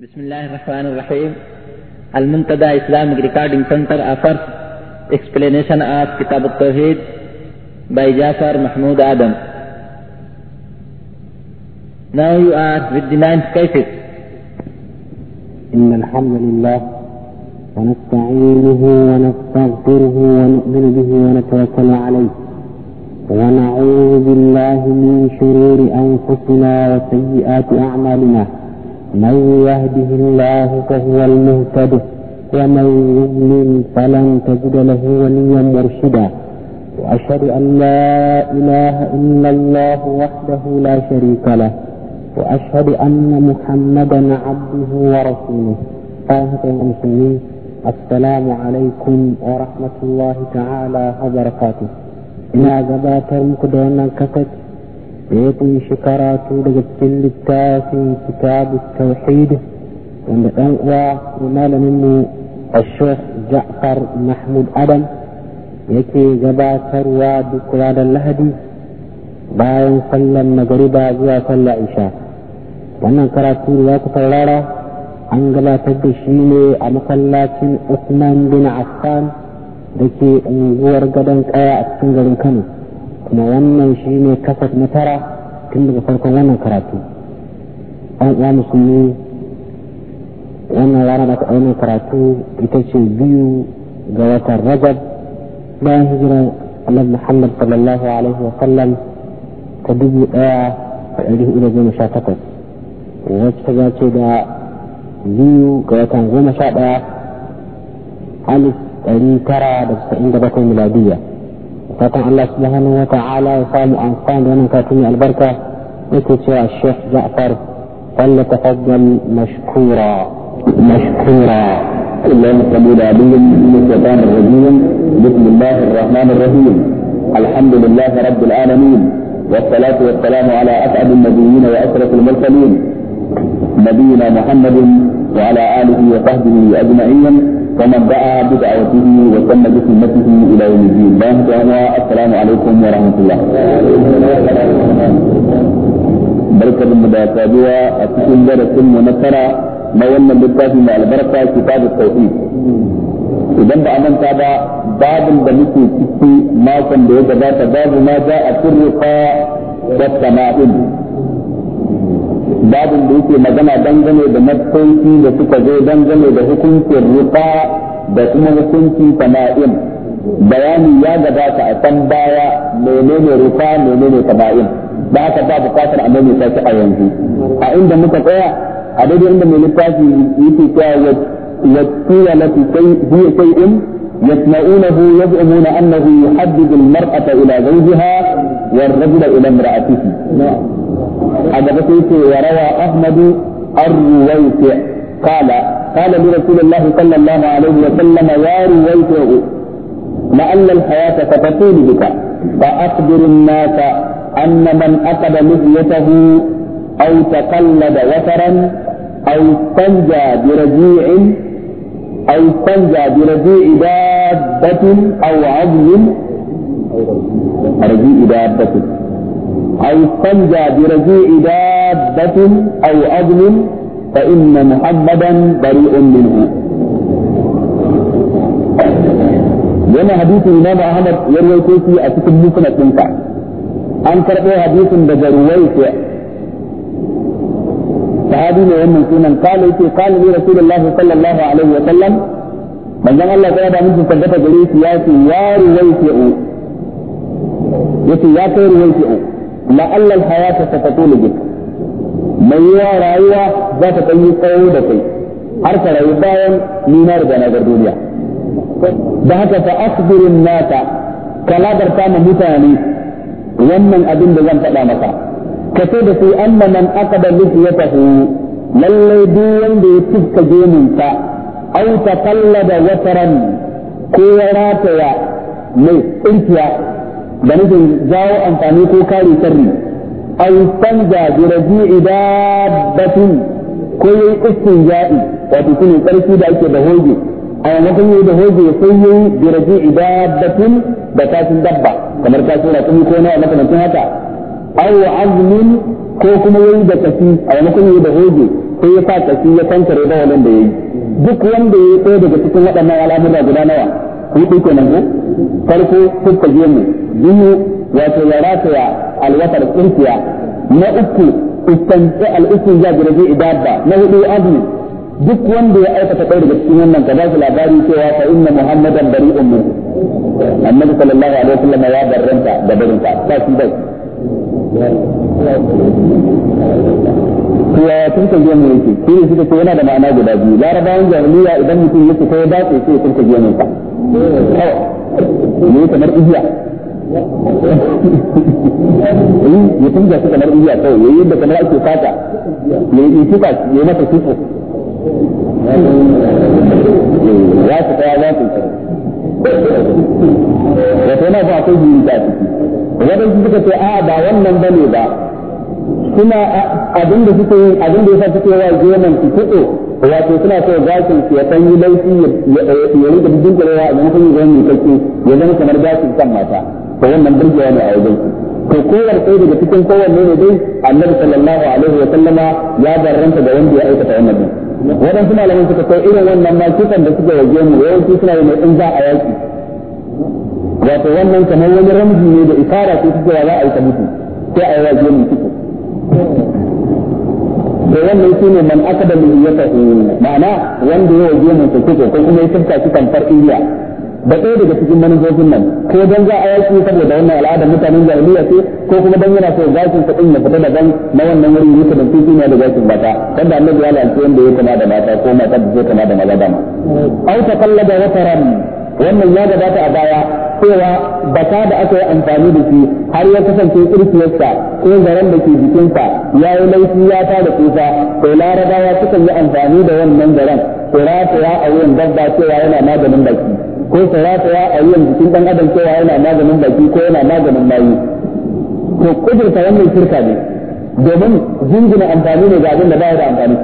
بسم الله الرحمن الرحيم المنتدى Islamic Recording Center offers explanation of Kitab التوحيد باي by Jafar Mahmood Adam. Now you are with the ninth cases. إن الحمد لله ونستعينه ونستغفره ونؤمن به ونتوكل عليه ونعوذ بالله من شرور أنفسنا وسيئات أعمالنا من يهده الله فهو المهتد ومن يظلم فلن تجد له وليا مرشدا وأشهد أن لا إله إلا الله وحده لا شريك له وأشهد أن محمدا عبده ورسوله طاهر المسلمين السلام عليكم ورحمة الله تعالى وبركاته إن أجابات المقدمة كتبت يطوي شكرا تولد السن في كتاب التوحيد والأنقوى ونال منه الشيخ جعفر محمود أدم يكي جبا تروى بكراد اللهدي باين صلى مغربا جوا صلى عشاء وانا كرا تولد وقت الرارة تدشيني أمخلاة عثمان بن عفان لكي انجور قدنك أيا أتنجل كنو kuma wannan shi ne kasaf na tara tun daga farkon wannan karatu an uwa musulmi wannan rana aka wannan karatu ita ce biyu ga watan rajab bayan hijira Allah Muhammad sallallahu alaihi wa sallam ta dubu daya a ɗari hudu da goma sha takwas wacce ta dace da biyu ga watan goma sha daya alif ɗari tara da casa'in da bakwai miladiyya fatan Allah subhanahu wa ta'ala ya samu amfani da wannan kafin mai albarka yake cewa Sheikh Ja'far mashkura mashkura اللهم صل على عبد من الشيطان الرجيم بسم الله الرحمن الرحيم الحمد لله رب العالمين والصلاة والسلام على أسعد النبيين وأشرف المرسلين نبينا محمد وعلى آله وصحبه أجمعين ومن دعا بدعوته وسمى بسنته الى يوم الدين السلام عليكم ورحمه الله بركة mu da saduwa a ما darasin mu مع البركة كتاب التوحيد idan ba a manta ba babin da muke ciki makon da ya gabata babu ma za a turuka da sama'in babin da yake magana dangane da matsayi da suka zo dangane da hukuncin rufa da kuma hukuncin tama'im bayani ya gabata a can baya menene rufa menene tama'im da haka ba bukatar a maimaita shi a yanzu a inda muka tsaya a daidai inda mai littafi yake cewa wattiya lati sai shay'in yasma'unahu yaz'umuna annahu yuhaddidu al-mar'ata ila zawjiha والرجل إلى امرأته هذا بسيط وروى أحمد الرويسع قال قال لرسول الله صلى الله عليه وسلم يا رويسع لأن الحياة ستطول بك فأخبر الناس أن من أخذ لحيته أو تقلد وترا أو استنجى برجيع أو استنجى برجيع دابة أو عظم رجيء دابة أو استنجى برجيء دابة أو أظن فإن محمدا بريء منه وانا حديث الإمام أحمد يروي كيسي أتكب بكم أتنفع أن ترقوا حديث بجروي فيه صحابي من سنن قال قال لي رسول الله صلى الله عليه وسلم من جمع الله تعالى من سنفقة جريسي ياتي يا رويسي yace ya kai ruwanki an la'alla al-hayata satatulu bik mai yawa rayuwa za ta kai tsawo da kai har ka rayu bayan ni na riga na gar duniya da haka fa asibirin nata kalabarta ma mutane wannan abin da zan faɗa maka ka ce da su anna man aqada lihiyatahu lallai duk wanda ya tuska gemunsa au kallada wataran ko ya rataya mai tsinkiya da nufin jawo amfani ko kare sharri aw tanja bi rabi'i dabbatin ko yayi istinja'i wato shine tsarki da ake da hoge a maimakon yayi da hoge sai yayi bi rabi'i dabbatin da kafin dabba kamar kafin rakumi ko na makamancin haka aw azmin ko kuma yayi da kafi a maimakon yayi da hoge sai ya sa kafi ya kankare da wannan da yayi duk wanda yayi ɗaya daga cikin waɗannan al'amura guda nawa hudu kenan ko farko kuka gemu biyu wato ya rataya alwatar tsintiya na uku istanci al'isin ya jirage idabba na hudu azumi duk wanda ya aikata ɗaya daga cikin wannan ka ba su labari cewa fa inna muhammadan bari min annabi sallallahu alaihi wasallam ya barranta da barinta ta shi bai to ya tunka gemu yake shi ne suka ce yana da ma'ana guda biyu larabawan jahiliya idan mutum yake ko ya dace sai ya tunka gemun sa ne kamar igiya ya tunja su kamar igiya kawai yi kamar ake fata ya yi tuka ya mata tuko ya su kaya za su na ba ta ciki wadanda suka ce a ba wannan bane ba kuma abin da suke abin da yasa suke wa geman su kudo wato suna so gashin su ya san laifi ya da dukkan kurewa a maimakon yi zama kake ya zama kamar gashin kan mata ko wannan burgewa ne a wajen to kowar sai daga cikin kowanne ne dai annabi sallallahu alaihi wa sallama ya barranta da wanda ya aikata wannan din suna lamun suka kai irin wannan ma kisan da suka waje mu yawanci suna da mai in za a yaki wato wannan kamar wani ramji ne da isara ko suke za a yi mutu sai a yi wa gemun kiko da wannan shi ne man aka da miliyata ma'ana wanda ya waje mun sake ko kuma ya tafka shi kan farfiya da ɗaya daga cikin manufofin nan ko don za a shi saboda wannan al'ada mutanen jahiliya ce ko kuma dan yana so zakin sa din ya fita daban na wannan wurin ne kuma fifi ne da zakin mata wanda annabi ya lalace wanda ya kama da mata ko mata da zai kama da maza dama au wa wataran wannan ya gabata a baya cewa baka da aka yi amfani da shi har ya kasance kirkiyarsa ko zaren da ke jikinsa ya yi laifi ya da kusa to larabawa sukan yi amfani da wannan zaren su rataya a wuyan dabba cewa yana maganin baki ko su rataya a wuyan jikin dan adam cewa yana maganin baki ko yana maganin mayu to kudurta wannan shirka ne domin jingina amfani ne ga da ba da amfani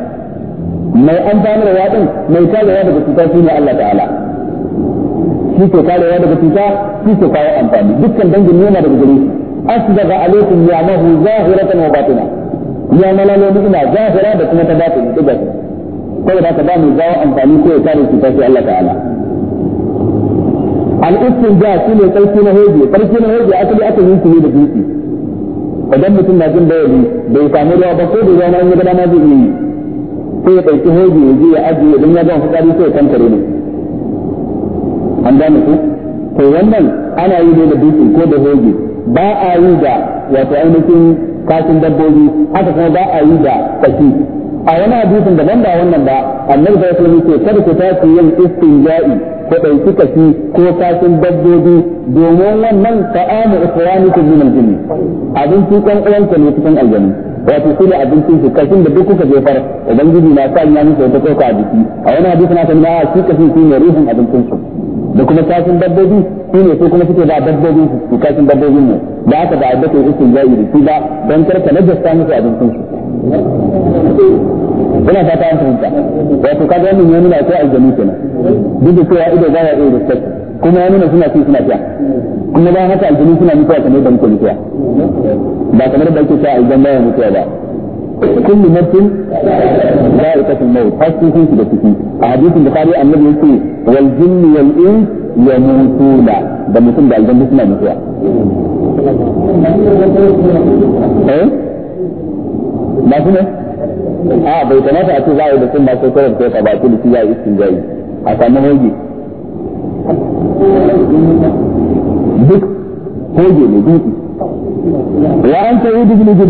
mai da din mai kagewa daga cuta ne Allah ta'ala shi ke karewa daga cuta shi ke kawo amfani dukkan dangin yana daga gare shi asbaga alaikum ya mahu zahiratan wa batina ya malalo ina zahira da kuma ta batini ta gashi saboda haka ba mu zawo amfani ko ya kare cuta sai Allah ta'ala al-istinja shi ne sarki na hoje sarki na hoje asali aka yi shi da dutse idan mutum na jin bayani bai samu ruwa ba ko da ruwa na yi gada ma zai yi sai ya ɗauki hoje ya je ya ajiye idan ya gama fitsari sai ya kankare ne an gane ku to wannan ana yi ne da dutse ko da hoge ba a yi da wato ainihin kashin dabbobi haka kuma ba a yi da kashi a wani hadisin ban ba wannan ba annabi sallallahu alaihi wasallam ce kada ku tashi yin istinja'i ko dauki kashi ko kashin dabbobi domin wannan ta'amu ikhwanikum min al-jinn abincin kan uwanka ne cikin aljanna wato shi ne abincin su kashin da duk kuka jefar ubangiji na sa ya musu wata kai a jiki a wani hadisi na sanin a shi kashin shi ne ruhin abincin su da kuma kashin dabbobi shi ne sai kuma suke ba dabbobi su kashin dabbobin ne da aka ba da kai iskin jayi su shi ba don karka na jasta musu abincin su ina fata an fahimta wato kaga wannan ya nuna sai aljanu kenan duk da cewa ido ba ya iya respect kuma ya nuna suna ci suna sha kuma bayan haka aljanu suna mutuwa kamar da muke mutuwa ba kamar da ake sa aljan baya mutuwa ba kullu nafsin za'iqatul maut har sun kun shiga ciki a hadisin bukhari annabi yake wal jinni wal ins yamutuna da mutum da aljanna suna mutuwa eh ba su ne a bai kamata a ce za a yi da sun masu kawai da ka ba a ce da ya yi iskin duk ne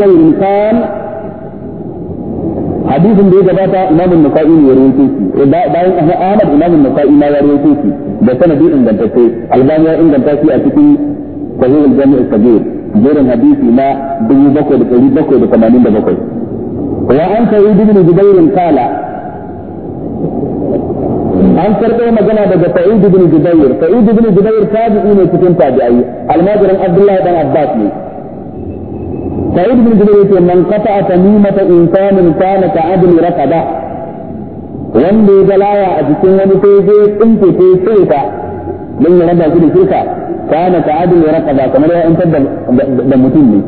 yi hadisin da ya gabata imam an-nasa'i ne ya rawaito shi bayan ahmad imam an-nasa'i ma ya rawaito shi da sanadi ingantacce albani ya inganta shi a cikin sahih al-jami' al-kabir jerin hadisi na 7787 wa an sa'id ibn jubair qala an karɓo magana daga sa'id ibn jubair sa'id ibn jubair tabi'i ne cikin tabi'ai almajirin abdullahi dan abbas ne سعيد بن جبير يقول من قطع تميمة إنسان كان كعدل رقبة وندي جلايا أجسين وندي في أنت في سيطة من يرد في سيطة كان كعدل رقبة كما لو أنت دمتين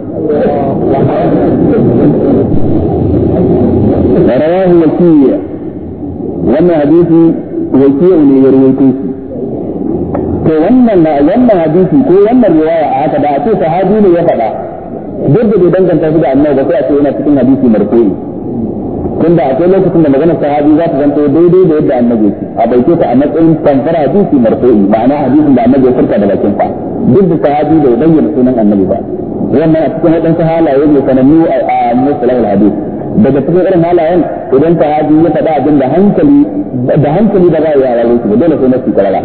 رواه وكيع وما حديثي وكيع ليرويتي to wannan na wannan hadisi ko wannan riwaya aka da ce sahabi ne ya faɗa duk da bai danganta shi da annabi ba sai a ce yana cikin hadisi marfu'i tunda akwai lokacin da maganar sahabi za ta zanto daidai da yadda annabi yake a bai ta a matsayin tamfar hadisi marfu'i ma'ana hadisin da annabi ya furta da bakin fa duk da sahabi bai bayyana sunan annabi ba wannan a cikin wadansu halaye ne sanannu a musulal hadis daga cikin irin halayen idan sahabi ya faɗa abin da hankali da hankali da ba a yawo shi dole sai nasi karara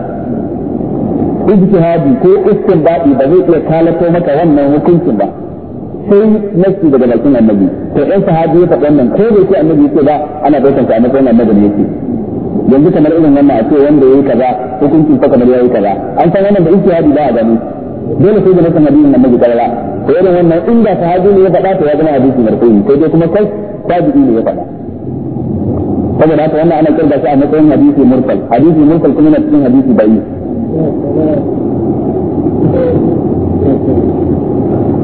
ijtihadi ko istinbadi ba zai iya kalato maka wannan hukuncin ba sai nasi daga bakin annabi ko ɗan sahabi ya faɗa wannan ko bai ce annabi yake ba ana daukan sa a matsayin annabi ne yake yanzu kamar irin wannan a ce wanda yayi kaza hukuncin sa kamar yayi kaza an san wannan da hadi ba a gani dole sai da nasan hadisin annabi karara ko irin wannan inda sahabi ne ya faɗa to ya zama hadisi marfu'i sai dai kuma kai sahabi ne ya faɗa saboda haka wannan ana kirga shi a matsayin hadisi mursal hadisi mursal kuma na cikin hadisi bai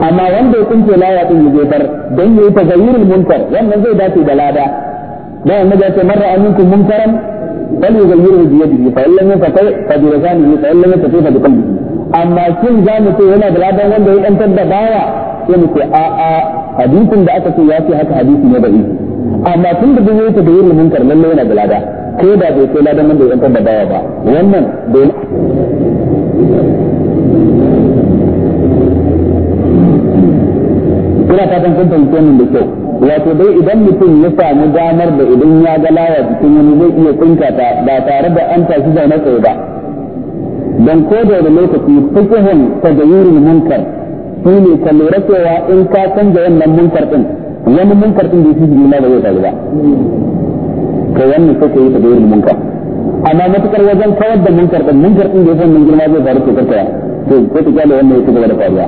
amma wanda ya kunce laya din ya bar dan yayi tagayyurul munkar wannan zai dace da lada da wannan ya ce marra aminkum munkaran bal yughayyiru bi yadihi fa illam yastati fa bi lisanihi fa illam yastati fa bi qalbihi amma kin za mu ce yana da lada wanda ya dantar da baya sai mu ce a a hadisin da aka ce ya ce haka hadisi ne da amma tun da zai ta bayyana munkar lalle yana da lada ko da bai kai ladan wanda ya dantar da baya ba wannan bai ina fatan kun fahimci wannan da kyau wato dai idan mutum ya samu damar da idan ya ga lawa cikin wani zai iya tsinka ta ba tare da an tashi zaune tsaye ba don ko da wani lokaci da yuri munkar shi ne ka lura cewa in ka canza wannan munkar din wani munkar din da shi jini ba zai tashi ba to wannan yi ta yi yuri munkar amma matukar wajen kawar da munkar din munkar din da ya san mun girma zai faru ko karkaya to sai ta kyale wannan ya ci gaba da faruwa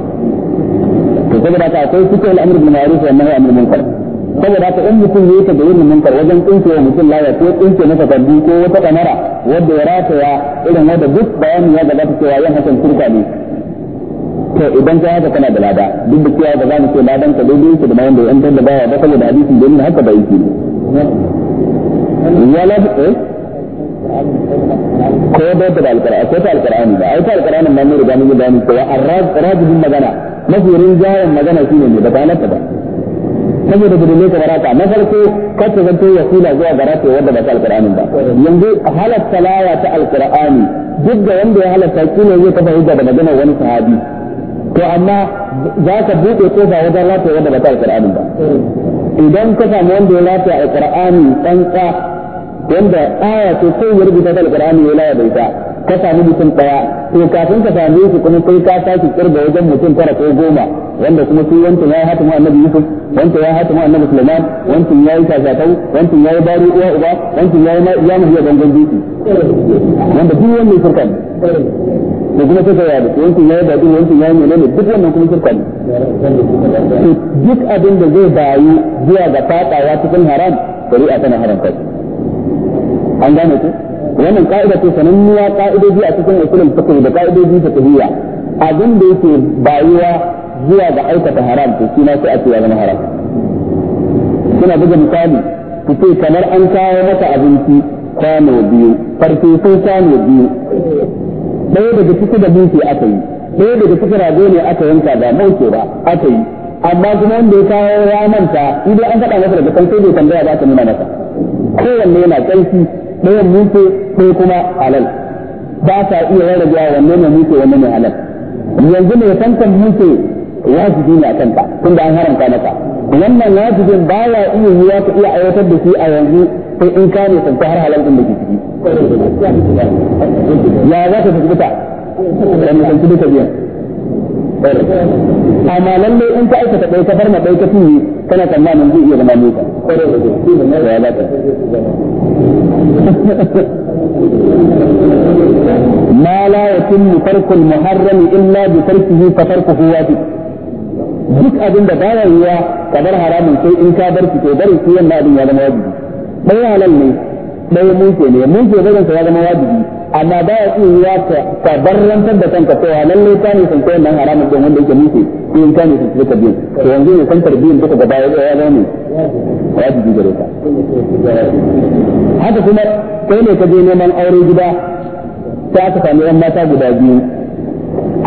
saboda haka akwai suka al'amr bil ma'ruf wa nahy anil munkar saboda haka in mutum yayi ta yin munkar wajen tsince mutum laya ko tsince masa tabbi ko wata kamara wanda ya rataya irin wanda duk bayani ya gabata cewa yan hakan shirka ne to idan ka haka kana da lada duk da cewa ba za mu ce ladan ka daidai yake da bayan da yan da baya ba saboda hadisin da yana haka da yake ne wala eh ko da ta alqur'ani ko ta alqur'ani ba ai ta alqur'ani nan ne da mun bayani ko arrad rajibin magana mafi rinjayen magana shine ne ba da bayanata ba saboda gudunne ka barata na farko kar ta zanto ya kula zuwa ga rafi wanda ba ta alqur'ani ba yanzu halatta salawa ta alqur'ani duk da wanda ya halatta kina zai kafa hujja da magana wani sahabi to amma za ka buɗe ba wajen rafi wanda ba ta alqur'ani ba idan ka samu wanda ya rafi alqur'ani tsantsa wanda aya ce sai ya rubuta da alqur'ani ya laya da ita ka samu mutum daya to kafin ka same shi kuma kai ka saki kirga wajen mutum tara ko goma wanda kuma su wancan ya hata mu annabi Yusuf wancan ya hata mu annabi Sulaiman wancan ya yi kasatau wancan ya yi bari uwa uba wancan ya yi ya mu biya gangan dutse wanda duk wannan shirka ne da kuma sai ya da wancan ya yi bari wancan ya yi menene duk wannan kuma shirka ne duk abin da zai bayu zuwa ga fadawa cikin haram a kana haramta kai an gane ku wannan ka'ida ce sananniya ka'idoji a cikin usulul fiqh da ka'idoji fiqhiyya abin da yake bayuwa zuwa ga aikata haram to shi na sai a ce ya zama haram suna buga misali ku ce kamar an kawo maka abinci kwano biyu farfesun kwano biyu ɗaya daga ciki da buke aka yi ɗaya daga ciki rago ne aka yanka ba mauke ba aka yi amma kuma wanda ya kawo ya manta idan an faɗa masa daga kan sai bai tambaya za ta nuna masa kowanne yana ƙarfi ɗayan mutu ko kuma halal ba ta iya rarrabewa wanne ne mutu wanne ne halal yanzu ne tantan mutu wajibi ne a kanta da an haramta maka wannan wajibin ba ya iya yiwa ka iya aiwatar da shi a yanzu sai in ka ne tantan har halal din da ke ciki ya za ka tafi ta da mutunci duka biyan amma lalle in ka aikata ɗaya ka farma ɗaya ka fiye kana tsammanin zai iya zama nuka ya lata ma la yatimmu farkul muharram illa bi tarkihi fa tarkuhu wajib duk abin da baya yiwa ka bar haramun sai in ka bar shi to barin shi wannan abin ya zama wajibi ɗaya halal ne ɗaya mun ne mun ke barin sa ya zama wajibi amma ba ya iya ya ta barrantar da kanka cewa lallai ta ne sun koyan nan haramun don wanda yake nufi in ta ne sun suka biyu to yanzu ne santar biyun duka gaba ya ya zama ne ji gare ka haka kuma kai ne ka je neman aure gida ta aka sami yan mata guda biyu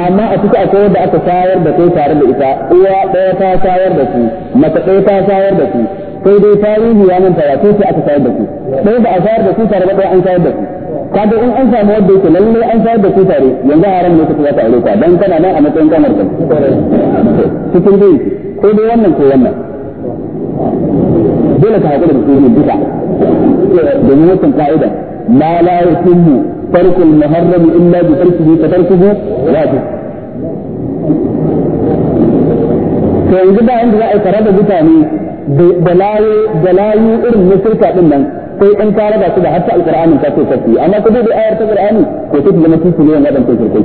amma a cikin akwai wanda aka shayar da kai tare da ita uwa ɗaya ta shayar da su mata ɗaya ta shayar da su sai dai tarihi ya manta ya ce aka shayar da su ɗaya ba a shayar da su tare da ɗaya an shayar da su kaga in an samu wanda yake lalle an sayar da ku tare yanzu haram ne kuka aure ka dan kana nan a matsayin kamar ka cikin dai ko dai wannan ko wannan dole ka hakura da su ne duka domin wannan ka'ida ma la yusimmu tarkul muharram illa bi tarkihi fa tarkuhu wajib to yanzu ba inda za a yi karar da mutane da layu irin na shirka din nan sai in ka raba su da hatta alqur'anin ka ce kafi amma ku dai ayar ta qur'ani ko take da mutunci ne wanda ban kai kai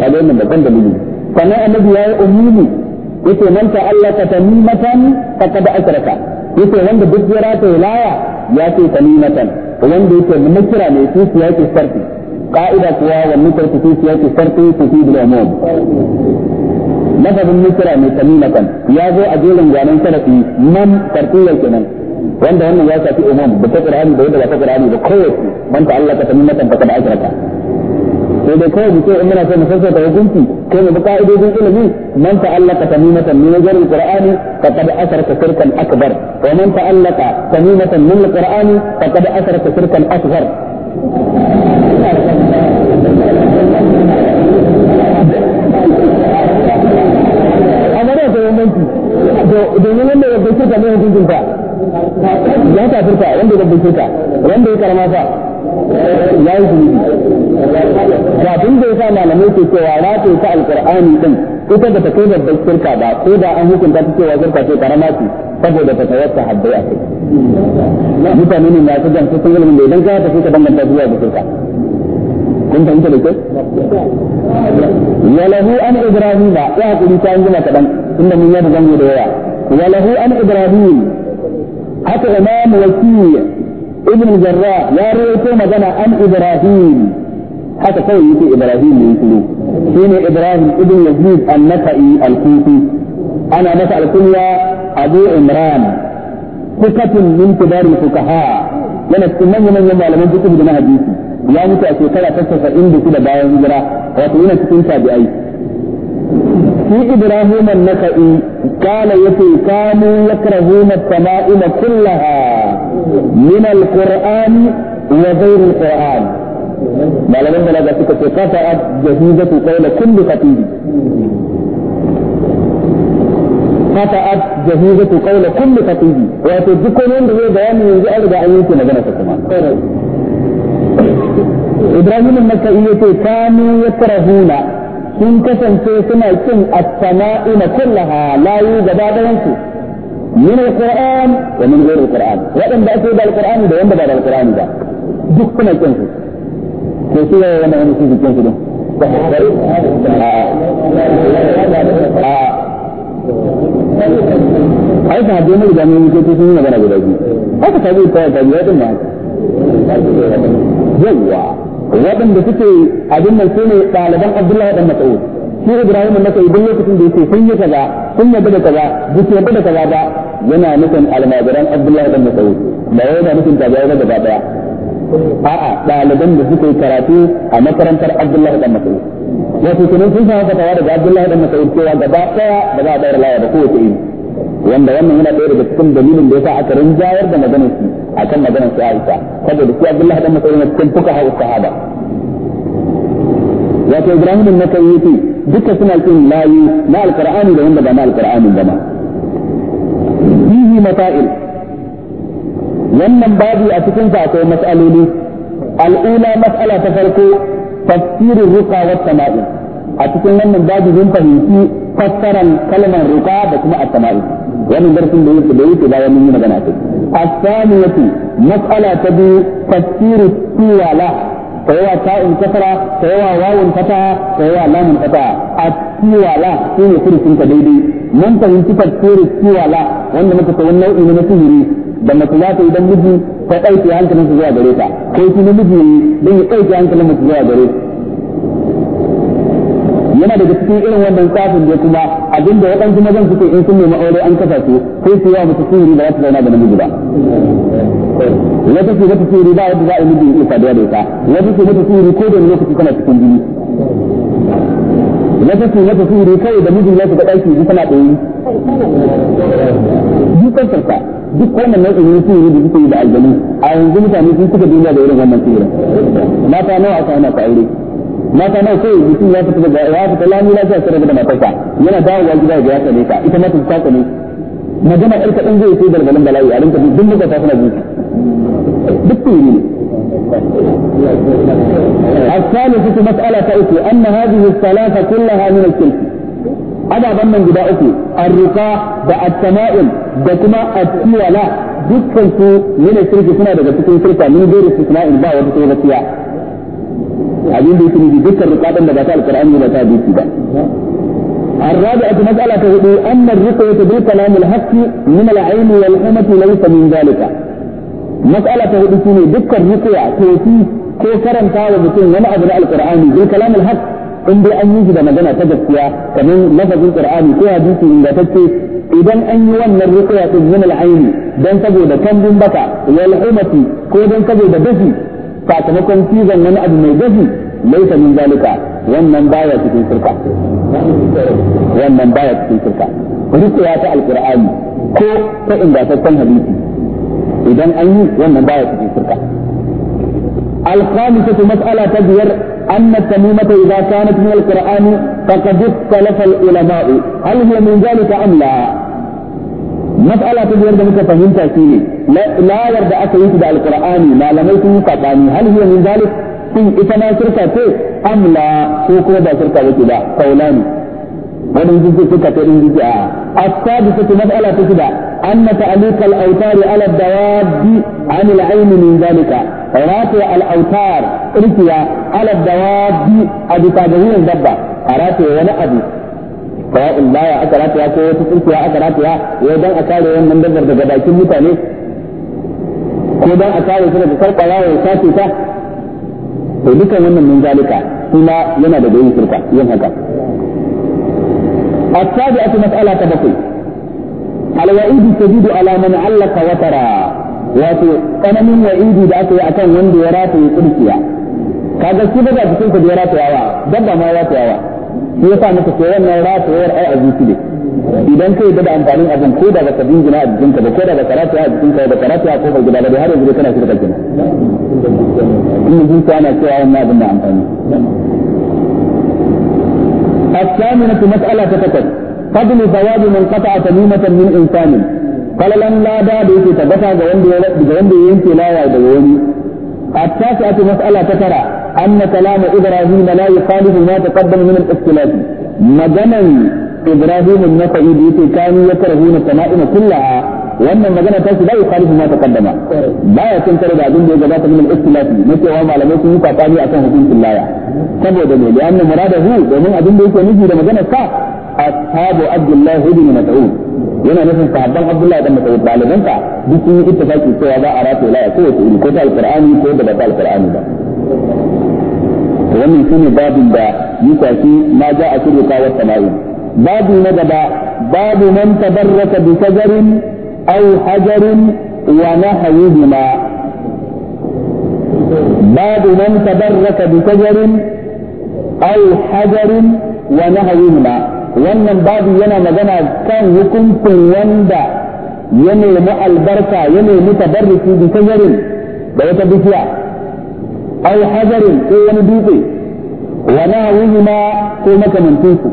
ga wannan babban dalili kana annabi yayi ummi yace man ta Allah ka ka faqad asraka yace wanda duk ya rata laya ya ce tamimatan wanda yake mukira ne su yake sarfi قاعدة كوا والنكر في سياق الشرط تفيد العموم لفظ النكرة من تميمة يازو أجيل جانان سلفي من ترتيل الكنان wanda wannan ya shafi umum da ta qur'ani da wanda ba ta qur'ani da kowace man ta Allah ka tamin mata ta kada ajraka sai dai kawai mu ce in muna so mu sassa ta hukunci kai mu bi ka'idodin ilimi man ta Allah ka tamin matan min wajen qur'ani fa asar ka shirkan akbar wa man ta Allah ka tamin matan min qur'ani fa asar ka shirkan asghar a mara da yamanci domin wanda ya bai shirka ne hukuncin ba ya kafirta wanda ya babbace ka wanda ya karama sa. ya yi zunubi kafin da ya sa malamai ke cewa rataye ta alkur'ani din ita da ta kai babbar shirka ba ko da an hukunta ta cewa shirka ce karama ce saboda ta tawar ta haddai a kai mutane ne masu jan sun ilimin da idan ka tafi ka danganta zuwa da shirka kun fahimta da ke? Yalahu an ba ya hakuri ta yi kaɗan inda mun yi zan yi da yawa Yalahu an ibrahim haka imam waki ibn jarra ya rawaito magana an ibrahim haka kawai yake ibrahim ne yake shine ibrahim ibn yazid an-nafi al-kufi ana masa al-kunya abu imran hukatun min kibar fuqaha yana cikin manyan manyan malaman fiqh da hadisi ya mutu a shekara ta 96 bayan hijira wato yana cikin tabi'ai في إبراهيم النخعي قال يتي كانوا يكرهون التمائم كلها من القرآن وغير القرآن ما لم في سكة قطعت جهيزة قول كل خطيب قطعت جهيزة قول كل خطيب أن به بيان من جاء بدعيته مجنة كمان إبراهيم النخعي كانوا يكرهون sun kasance suna cin as-sama'ina kullaha la gaba da yansu min al wa min ghayr al-qur'an ake da al da wanda ba da al ba duk suna kin su ko shi wani su din ai ba mai da mun ko sun magana guda biyu haka ma waɗanda suke abin nan sune ɗaliban Abdullahi dan Mas'ud shi Ibrahim na kai duk lokacin da yake sun yi kaza sun yi da kaza duk yadda da kaza ba yana nufin almajiran Abdullahi dan Mas'ud ba yana nufin tabi'a ba gaba daya a'a ɗaliban da suke karatu a makarantar Abdullahi dan Mas'ud wato kuma sun fara fatawa daga Abdullahi dan Mas'ud cewa gaba daya ba za a bayar laya da kowace iri wanda wannan yana ɗaya daga cikin dalilin da yasa aka rinjayar da maganar shi kan maganar shi Aisha saboda shi Abdullah dan Mas'ud yana cikin fuka fuqaha sahaba wato Ibrahim bin Nakai yace duka suna cikin layu na alqur'ani da wanda ba na alqur'ani ba ma fihi mata'il wannan babu a cikin sa akwai mas'aloli al'ula mas'ala ta farko tafsirin ruqa wa tama'il a cikin wannan babu zan fahimci fassaran kalmar ruka da kuma as-sama'i wannan darasin da yake da yake da mun yi magana ce as mas'ala ta biyu tafsiru tiwala tayawa ta'in kasara tayawa wawun fata ya lamun fata at shine kurkin ka daidai mun fahimci tafsiru tiwala wanda muka ta wannan nau'i na sihiri da mace za ta idan miji ta ɗauke hankalinsa zuwa gare ta ko shi miji ne don ya ɗauke hankalin mace zuwa gare ta yana daga cikin irin wannan kafin da kuma abinda waɗansu mazan suke in sun nemi aure an kafa su sai su yawa musu sihiri ba za su zauna da namiji ba wata ce mata sihiri ba yadda za a yi miji ya saduwa da ita wata ce mata sihiri ko da lokaci kana cikin jini wata ce mata sihiri kawai da mijin ya shiga ɗaki ji kana ɗoyi duk sarka duk wannan nau'in yin sihiri da suke yi da aljanu a yanzu mutane sun suka duniya da irin wannan sihirin mata nawa aka hana ka aure mata nawa kawai mutum ya fita daga ya fita lami lafiya sai da matarsa yana dawowa gida da ya tsare ka ita mata ta tsaka ne magana ɗan kaɗan zai sai dalbalin bala'i a rinka duk muka ta suna zuci duk turi ne الثالثة kirki أخرى أن هذه الثلاثة كلها من الشرك da kuma جدا أخي الرقاء التمائم بكما التيولة دكتور من الشرك سنة بكتور شركة من غير استثناء ba wata تغطية abin da yake nufi dukkan rukadan da ba ta alkur'ani ba ta dukki ba الرابعة مسألة تقول أن الرقية بالكلام الحق من العين والحمة ليس من ذلك مسألة تقول أن ذكر الرقية توفي كوكرا تاوى بسين وما أبناء القرآن بالكلام الحق إن بأن يجد مدنة تدفيا كمن لفظ القرآن فيها ديك إن تدفي إذا أن يوان الرقية من العين دان تقول كم من بكى والحمة كو دان تقول بسي sakamakon cizon wani abu mai gashi laisa min zalika wannan baya cikin shirka wannan baya cikin shirka rikuwa ta alqur'ani ko ta ingantaccen hadisi idan an yi wannan baya cikin shirka الخامسة مسألة تبير أن التميمة إذا كانت من القرآن فقد اختلف العلماء هل هي من ذلك أم لا؟ مسألة تدير دمك فهمت أكيني لا, لا يرد أسويت دع القرآن ما لم يكن قطعني هل هي من ذلك في إثناء شركة أم لا سوكو دع شركة وكذا قولان ومن جزء شركة إن جزء آه. السادسة مسألة تدير أن تعليق الأوتار على الدواب عن العين من ذلك رافع الأوتار رفع على الدواب أبي تابعين الدبا رافع ولا أبي sawa'in baya aka rataya ko wata tsinkiya aka rataya wai dan a kare wannan dabbar daga bakin mutane ko dan a kare su daga karɓawa ya sace ta to dukan wannan mun zalika kuma yana da yin shirka yin haka السابعة مسألة بقي الوعيد الشديد على من علق watara wato tsananin wa'idi da aka yi a kan wanda ya rataye tsirkiya kaga shi ba za su cinka da ya ratayawa dabba ma ya ratayawa shi yasa muka ce wannan ratayar ai azuci ne idan kai da amfanin abin ko da baka jingina a jikin ka ba ko da baka rataya a jikin ka ba rataya ko bai gidala har yanzu kana shirka kina in jin ta ana cewa wannan abin na amfani الثامنة مسألة تتكت فضل ثواب من قطع تميمة من إنسان falalan lada da yake tabbata ga wanda ya yanke laya daga wani a ta mas'ala ta tara أن كلام إبراهيم لا يخالف ما تقدم من الاختلاف مجانا إبراهيم النخعي بيتي كانوا يكرهون التمائم كلها wannan magana ta shi bai khalifu ma taqaddama baya cin kare da abin da ya gabata min al-ikhtilafi na cewa malamai sun yi tsakani akan hukuncin laya saboda me da annan muradahu domin abin da yake nufi da magana sa ashabu abdullahi ibn yana nufin sahabban abdullahi ibn mas'ud daliban ka duk sun yi ittifaki cewa za a rafe laya ko ta ko ta alqur'ani ko da ba ta alqur'ani ba wannan shine babin da yukaki ma za a shirka wa sama'i babu na gaba babu man tabarraka bi shajarin aw hajarin wa nahayihima babu man tabarraka bi shajarin aw hajarin wa nahayihima wannan babu yana magana kan hukuncin wanda ya nemi albarka ya nemi tabarruki bi shajarin da wata bishiya أو حجر ko ونبيتي ونعوهما كو مكمنتوكو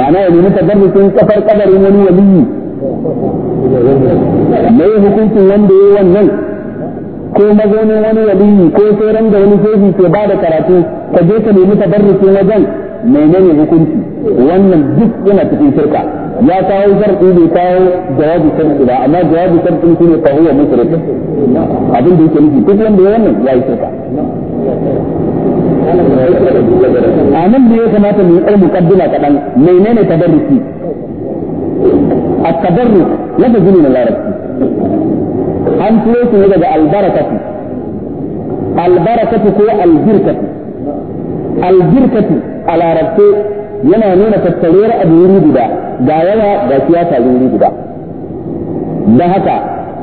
معناه يعني متدرس كفر قدر ولي ولي me hukuncin wanda ya wannan ko mazaunin wani waliyi ko sauran da wani soji ke ba da karatu ka je ka nemi tabarrukin wajen menene hukunci wannan duk yana cikin shirka ya kawo sharɗi bai kawo jawabi sharɗi ba amma jawabi sharɗi shine fa huwa mushrik abin da yake nufi duk wanda ya wannan ya yi shirka a nan ne ya kamata mu yi ɗan mukaddima kaɗan menene tabarruki a tabarruk lafazi ne na larabci an turo su ne daga albarakatu albarakatu ko albirkatu albirkatu a larabce yana nuna tattarewar abu wuri guda ga yawa ga siyasa ya wuri guda da haka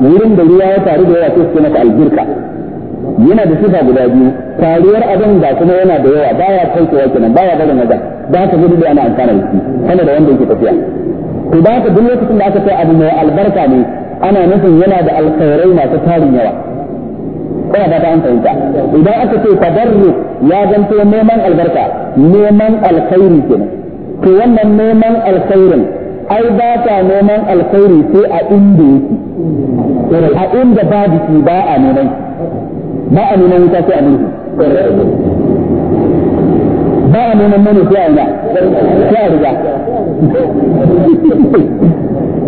wurin da ruwa ya taru da yawa sai su masa albirka yana da sifa guda biyu taruwar abin da kuma yana da yawa baya kaucewa kenan baya barin wajen da haka gudu ana amfana da shi kana da wanda yake tafiya to da haka duk lokacin da aka ce abu mai albarka ne ana nufin yana da alkhairai masu tarin yawa ba ba ta an fahimta idan aka ce tabarru ya zanto neman albarka neman alkhairi ke to wannan neman alkhairin ai ba ta neman alkhairi sai a inda yake a inda babu shi ba a neman ba a neman wuta sai a nufi ba a neman mani sai a ina sai a riga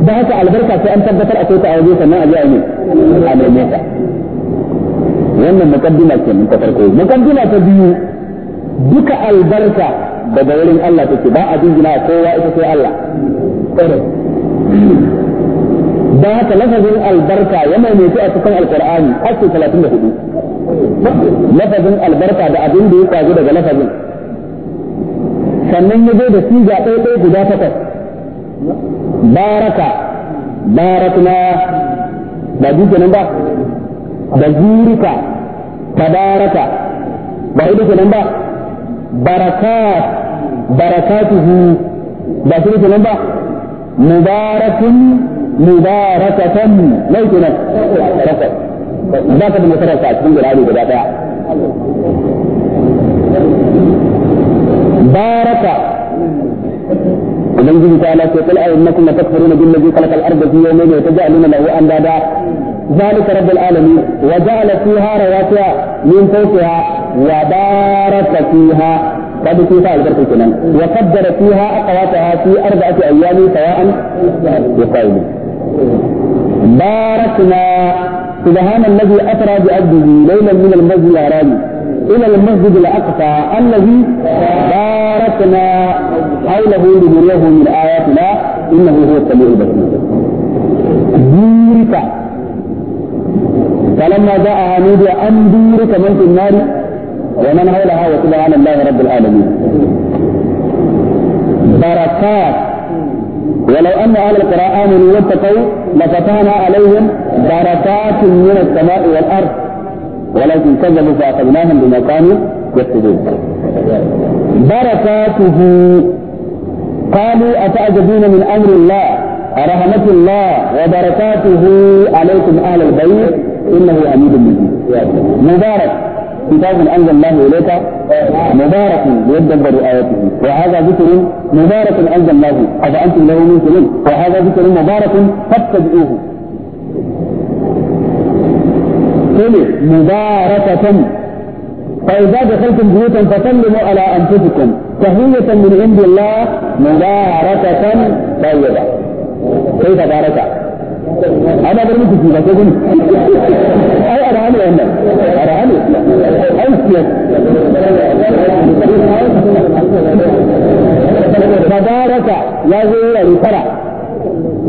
da haka albarka sai an tabbatar a kai ta a waje sannan a ji a ne a neme ta wannan mukaddima ce mun ta farko mukaddima ta biyu duka albarka daga wurin Allah take ba a dingina kowa ita sai Allah da haka lafazin albarka ya maimaitu a cikin alkur'ani har su talatin da hudu lafazin albarka da abin da ya kwazo daga lafazin sannan ya zo da siga ɗaiɗai guda takwas baraka barakna ba duk nan ba بزيرك تبارك بعيدة الأنباء بركات بركاته بعيدة الأنباء مبارك مباركة ليتنا ذاك من يترى الساعة من العالي بذاتها بارك ومن جهة تعالى سيقول أئنكم لتكفرون بالذي خلق الأرض في يومين وتجعلون له أندادا ذلك رب العالمين وجعل فيها رواسي من فوقها وبارك فيها قد فيها البركة كمان وقدر فيها أقواتها في أربعة أيام سواء بقول باركنا سبحان الذي أسرى بعبده ليلا من المسجد الحرام إلى المسجد الأقصى الذي باركنا حوله لنريه من آياتنا إنه هو السميع البصير بارك فلما جاءها نودي أن بورك من في النار ومن حولها وسبحان الله رب العالمين بركات ولو أن أهل القرآن آمنوا واتقوا لفتحنا عليهم بركات من السماء والأرض ولكن كذبوا فأخذناهم بما كانوا يكتبون بركاته قالوا أتعجبون من أمر الله رحمة الله وبركاته عليكم أهل البيت إنه حميد مجيد مبارك كتاب أنزل الله إليك مبارك ليدبر آياته وهذا ذكر مبارك أنزل الله أفأنتم له منكرون وهذا ذكر مبارك فابتدئوه مباركة فإذا دخلتم بيوتا فسلموا على أنفسكم تهية من عند الله مباركة طيبة كيف بارك انا برمي في جيبك يقول اي انا علي انا انا علي اي سيد تبارك يا زي اللي ترى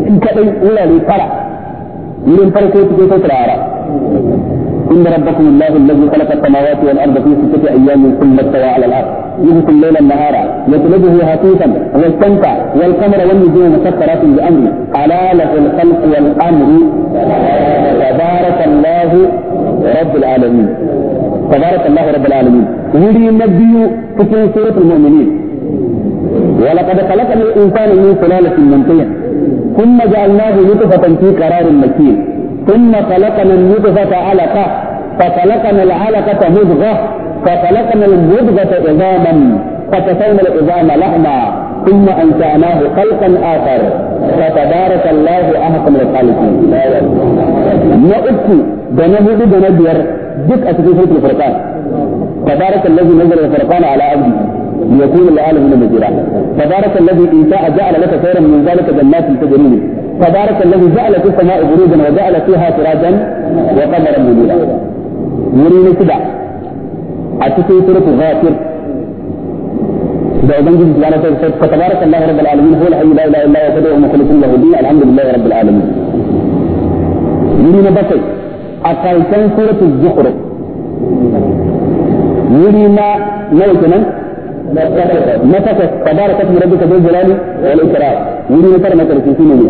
انت اي اللي ترى من فرقه تجي ترى إن ربكم الله الذي خلق السماوات والأرض في ستة أيام ثم استوى على الأرض يهلك الليل النهار يطلبه هاتفا والشمس والقمر والنجوم مسخرات بامر الا له الخلق والامر تبارك الله رب العالمين تبارك الله رب العالمين ولي النبي في سوره المؤمنين ولقد خلقنا الانسان من سلاله من طين ثم جعلناه نطفه في قرار مكين ثم خلقنا النطفه علقه فخلقنا العلقه مضغه فخلقنا المضغة عظاما فكسونا العظام لحما ثم أنشأناه خلقا آخر فتبارك الله أحكم الخالقين ما أبكي بنا هدو بنا بير دك الفرقان تبارك الذي نزل الفرقان على عبده ليكون لعالم من مزيرا تبارك الذي إن شاء جعل لك خيرا من ذلك جنات تجري تبارك الذي جعل في السماء بروجا وجعل فيها سراجا وقمرا منيرا يريني كده a cikin suratu ghafir da ubangiji subhanahu wa ta'ala fa tabaraka allah rabbul alamin huwa al-hayy la ilaha illa huwa yad'u mukhlishin lahu din alhamdulillahi rabbil alamin yuri na bakwai a karshen suratu zukhruf yuri na nawa kenan na takwas tabaraka rabbika dhul jalali wal ikram yuri na tara na karshe shine ne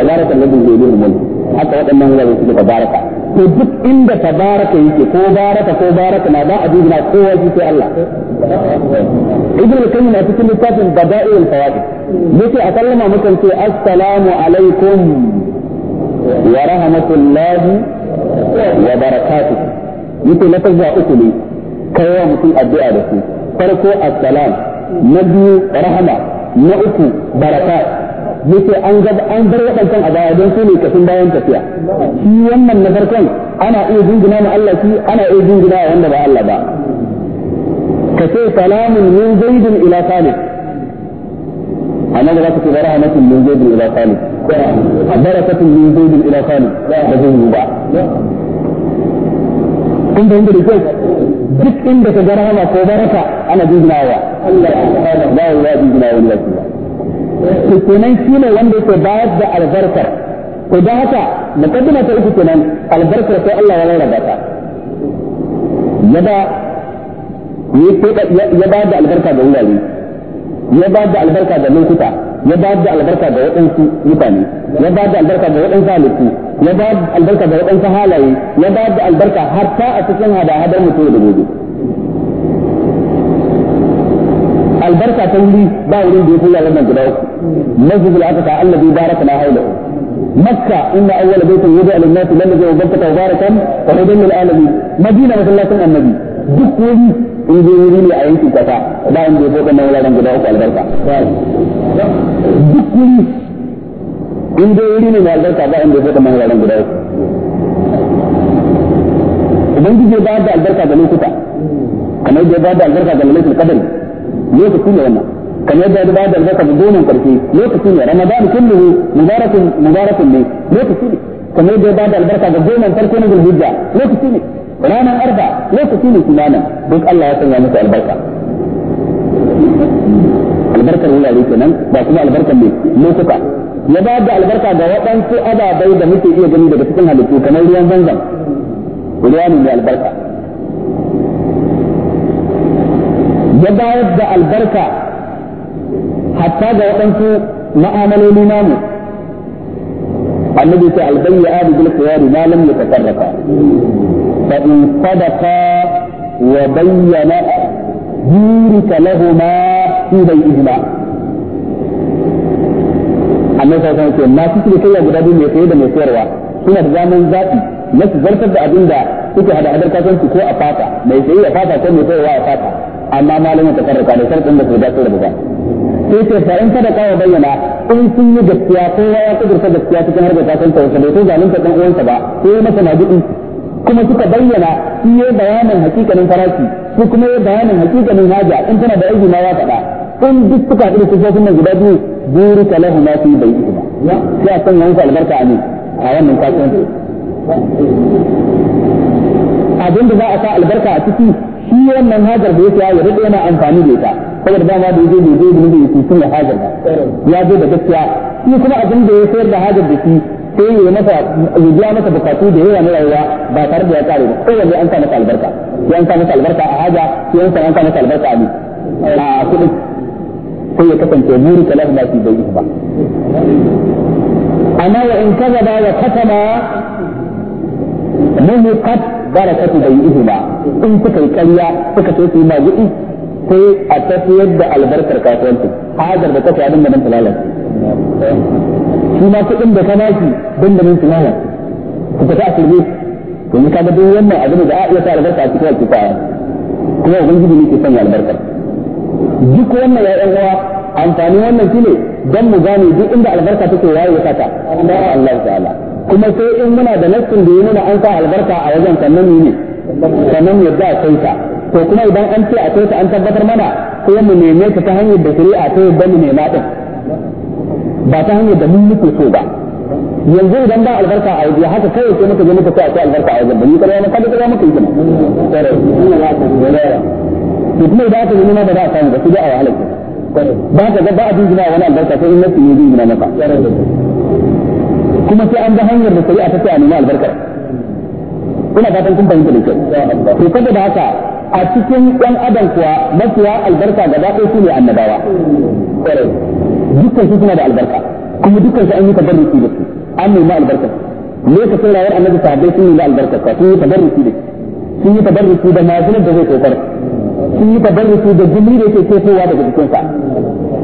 tabaraka alladhi bi yadihi al-mulk haka wadannan wuraren su tabaraka to duk inda baraka yake ko baraka ko baraka na ba a dubina kowa shi sai Allah ibn al-qayyim a cikin littafin bada'i al-fawaid yace a ma mukan ce assalamu alaikum wa rahmatullahi wa barakatuh yace lafazza uku ne kaiwa mutum addu'a da su farko assalam na biyu rahama na uku baraka. yace an gaba an bar wadancan a baya don su ne kafin bayan tafiya shi wannan na farkon ana iya jingina ma Allah shi ana iya jingina wanda ba Allah ba ka ce salamun min zaidin ila salih amma da za ka ce bara hanatin min zaidin ila salih barakatun min zaidin ila salih da zai yi ba in da yanzu da kyau duk inda ka ga rahama ko baraka ana jinginawa Allah ya ba wa jinginawa Allah to kenan shi ne wanda yake bayar da albarkar ko da haka mukaddima ta uku kenan albarkar sai Allah ya rarraba ta yaba ya ba da albarka ga wurare ya ba da albarka ga lokuta ya ba da albarka ga waɗansu mutane ya ba da albarka ga waɗansu halittu ya ba da albarka ga waɗansu halaye ya ba da albarka hatta a cikin hada-hadar mutum da gobe albarka ta wuri ba wurin da ya kula nan guda uku masjid al-aqsa allazi barakna hawla makka inna awwala baytin wudi'a lin-nasi lalladhi wabarakata wa barakan wa hudan lil-alamin madina masallatin annabi duk wuri in je wuri ne a yankin kasa ba inda ya kula nan wuraren guda uku albarka duk wuri in je wuri ne mai albarka ba inda ya kula nan wuraren guda uku ubangiji ya bayar da albarka ga lokuta kamar da ya bayar da albarka ga lalatul qadari lokaci ne wannan kamar yadda ba da albasa da gonan karfi lokaci ne ramadan kulluhu mubarakun mubarakun ne lokaci ne kamar yadda ba da albarka ga gonan farko na zulhijja lokaci ne ranar arba lokaci ne nan duk Allah ya sanya musu albarka albarkar wurare kenan ba kuma albarkar ne lokuta ya ba da albarka ga waɗansu ababai da muke iya gani daga cikin halittu kamar ruwan zanzan ruwa ne mai albarka ya bayar da albarka hatta ga waɗansu ma'amaloli namu annabi ta albayya adu bil khiyari ma lam yatafarraqa fa in sadaqa wa bayyana jirika lahuma fi bay'ihima annabi ta ce ma su ke kai guda biyu mai saye da mai sayarwa suna da zaman zaɓi na su zartar da abin da suke hada hadar kasuwanci ko a fata mai saye a fata ko mai sayarwa a fata amma malamin ta farka da sharɗin da su da su da ba sai ce fa in da kawo bayyana in sun yi gaskiya ko ya kudurta gaskiya cikin ta kanta ta bai so zalunta dan uwansa ba sai ya masa nadi kuma suka bayyana shi ya bayanin hakikanin farashi ko kuma ya bayanin hakikanin haja in tana da aiki ma ya faɗa in duk suka haɗu su sufofin nan guda biyu ta lahu ma yi bai yi ba sai a san yawan albarka a ne a wannan kasuwanci abin da za a sa albarka a ciki shi wannan hajar da ya saya ya rike yana amfani da ita saboda dama da yaje da yaje da yaje sun ya da ya je da gaskiya shi kuma abin da ya sayar da hajar da shi sai ya masa ya biya masa bukatu da yawa na rayuwa ba tare da ya kare ba sai wanda an sa masa albarka ya an sa masa albarka a haja ya an sa masa albarka a a kuɗi sai ya kasance buri kala ba shi bai ba amma wa in kaza ba wa katama muhiqat barakatu bai'ihima in suka yi ƙarya suka so su yi magudi sai a tafiyar da albarkar kasuwanci hajar da kasa abin da nan talalar shi ma kuɗin da ka baki don da nan talalar ku fita a shirye to ni kaga duk wannan abin da a iya sa albarka a cikin alkifaya kuma ubangiji ne ke sanya albarkar duk wannan ya yan uwa amfani wannan shine don mu gane duk inda albarka take waye ya saka Allah ta'ala kuma sai in muna da nassin da ya nuna an sa albarka a wajen sannan ne sannan ya da sai ta to kuma idan an ce a sai ta an tabbatar mana ko mu neme ta ta hanyar da shari'a ta yadda mu nema din ba ta hanyar da mun muke so ba yanzu idan ba albarka a wajen haka kai sai muka je muka sa sai albarka a wajen ba ni kana maka da kana muka yi kuma to kuma idan aka nuna ba za a samu ba sai da a wahalar ba ka ga ba a jin wani albarka sai in nasu ne jin maka kuma sai an ga hanyar da sai a ce a albarka albarkar ina fatan kun fahimta da kyau to kada da haka a cikin ɗan adam kuwa mafiya albarka gaba ɗaya su ne annabawa dukkan su suna da albarka kuma dukkan su an yi tabarruki da su an nuna albarka lokacin rayuwar annabi sahabbai sun ne albarka ka sun yi tabarruki da sun yi tabarruki da mazunar da zai kokar sun yi tabarruki da jini da yake da daga jikinsa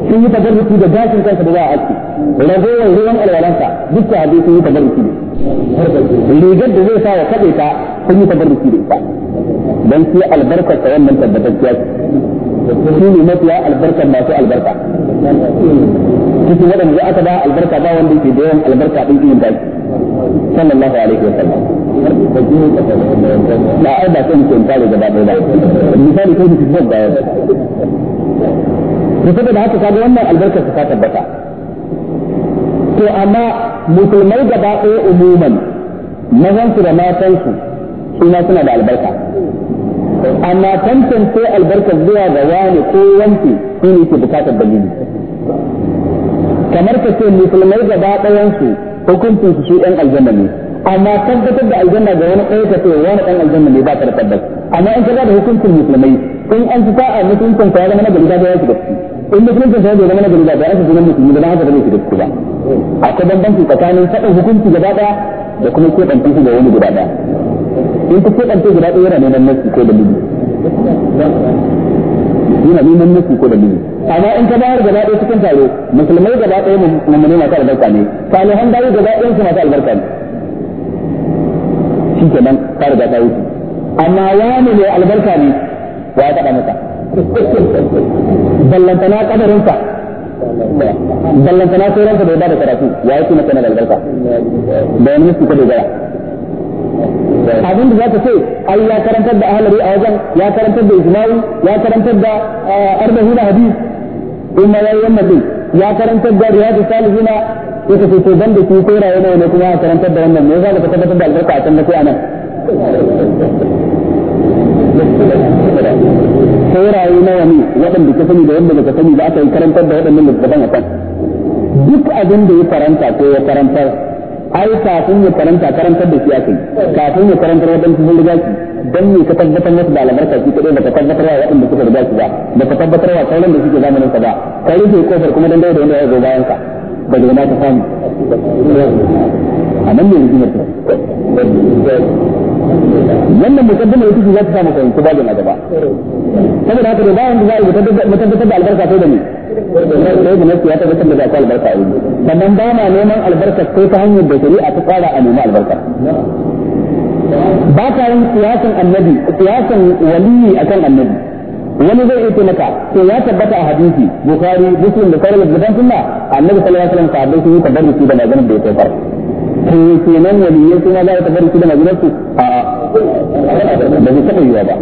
sun yi tabarruki da gashin kansa da za a aski ragowar ruwan alwalansa duk da sun yi tabarruki ne rigar da zai sa wa kaɗe ta sun yi tabarruki da Don su albarkar ta wannan tabbatacciya shi ne mafiya albarkar masu albarka cikin waɗanda aka ba albarka ba wanda yake da yawan albarka ɗin iya ta sallallahu alaihi wa sallam ba ai ba sai mutum gaba ɗaya ba misali da. da haka kaga wannan albarkar ta tabbata to amma musulmai da ba ɗaya umuman mazansu da matansu su ma suna da albarka amma tantance albarka zuwa ga wani ko wanke shi ne ke bukatar dalili kamar ka ce musulmai da ba ɗayansu hukuncin su ɗan aljanna ne amma tabbatar da aljanna ga wani ɗaya ka ce wani ɗan aljanna ne ba ka da tabbas amma in ka da hukuncin musulmai in an ci sa'a mutuncin ka ya zama na gari ga ya shiga ciki in musulunci sai bai zama na gari ba rashin sunan musulmi da haka ba ne shiga ciki ba akwai bambanci tsakanin faɗin hukunci gaba ɗaya da kuma keɓance shi da wani guda ɗaya in ka keɓance guda ɗaya yana neman nasi ko da dalili yana neman nasi ko da dalili amma in ka bayar gaba ɗaya cikin taro musulmai gaba ɗaya mummune masu albarka ne salihan bayi gaba ɗayan su masu albarka ne shi nan, ka riga ta wuce amma wani ne albarka ne wa ya taɓa masa ballantana kadarinsa ballantana sauransa da ba da karatu ya yake maka na albarka da wani musu ka dogara abin da za ka ce ai ya karantar da ahalari a wajen ya karantar da ismail ya karantar da eh, arba'ina hadis in ma yayi wannan ya karantar da riyadu salihina sai ka ce to ban da ko rayuwa ne kuma ya karantar da wannan me za ka tabbatar da albarka a can da ko anan sai rayu nawa ne waɗanda ka sani da wanda baka sani ba aka yi karantar da waɗannan littattafan a kan duk abin da ya karanta ko ya karantar ai kafin ya faranta karantar da shi ake yi kafin ya karantar waɗansu sun riga shi dan ne ka tabbatar masa da albarka shi kadai baka tabbatar wa waɗanda suka riga shi ba baka tabbatar wa sauran da suke zamanin ka ba ka rufe kofar kuma dan da wanda ya zo bayan ka daga ina ka samu a nan ne rigimar ta wannan mukaddima ita ce za ta samu fahimci ba na gaba saboda haka da bayan da za a yi mutabbatar da albarka sai da ni sai da nasu ya tabbatar da za ku albarka a yi sannan ba ma neman albarka sai ta hanyar da shari'a ta tsara a nemi albarka ba ka yin siyasan annabi siyasan waliyi akan annabi wani zai iya maka to ya tabbata a hadisi bukhari muslim da sauran littafan sunna annabi sallallahu alaihi wasallam sahabbai ta yi tabarruki da maganar da ya kai to kenan waliyai kuma za ta barki da majalarsu a ba zai taɓa yiwa ba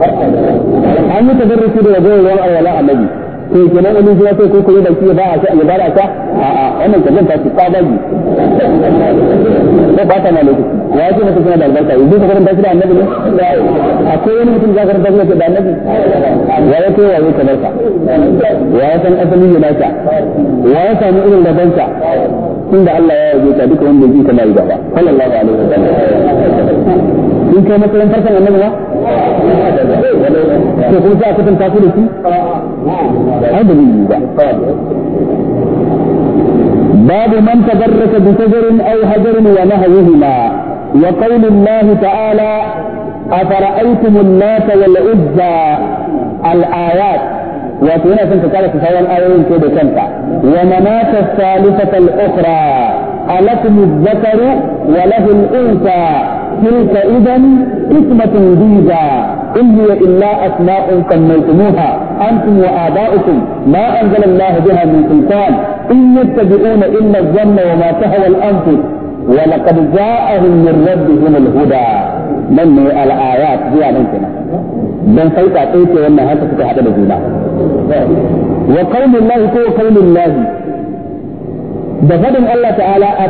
an yi tabarruki da wajen ruwan alwala annabi to eh, kenan wani ya sai ko koyi da shi ba a sai ya bada ta a a wannan kallon ta ta bagi ko ba ta na lokaci ya ce mutum yana da albarka yanzu ka karanta shi da annabi ne akwai wani mutum ya karanta shi da annabi ya ya koya ne kamar ka ya ya san asalin ne naka ya ya samu irin gaban ka tunda Allah ya yaje ta duka wanda yake kamar ba sallallahu alaihi wasallam in kai makaran kan annabi ba باب من تبرك بشجر او هجر ونهيهما وقول الله تعالى افرايتم الناس والعزى الايات وتينا كنت تعالى في سوى الايه كده كنت ومناة الثالثة الاخرى ألكم الذكر وله الانثى تلك إذا قسمة ضيزى إن هي إلا أسماء سميتموها أنتم وآباؤكم ما أنزل الله بها من سلطان إن يتبعون إلا الظن وما تهوى الأنفس ولقد جاءهم من ربهم الهدى من الآيات هي ممكنة dan sai ka sai ce wannan haka suka hada da juna wa qaulullahi ko qaulullahi da fadin Allah ta'ala a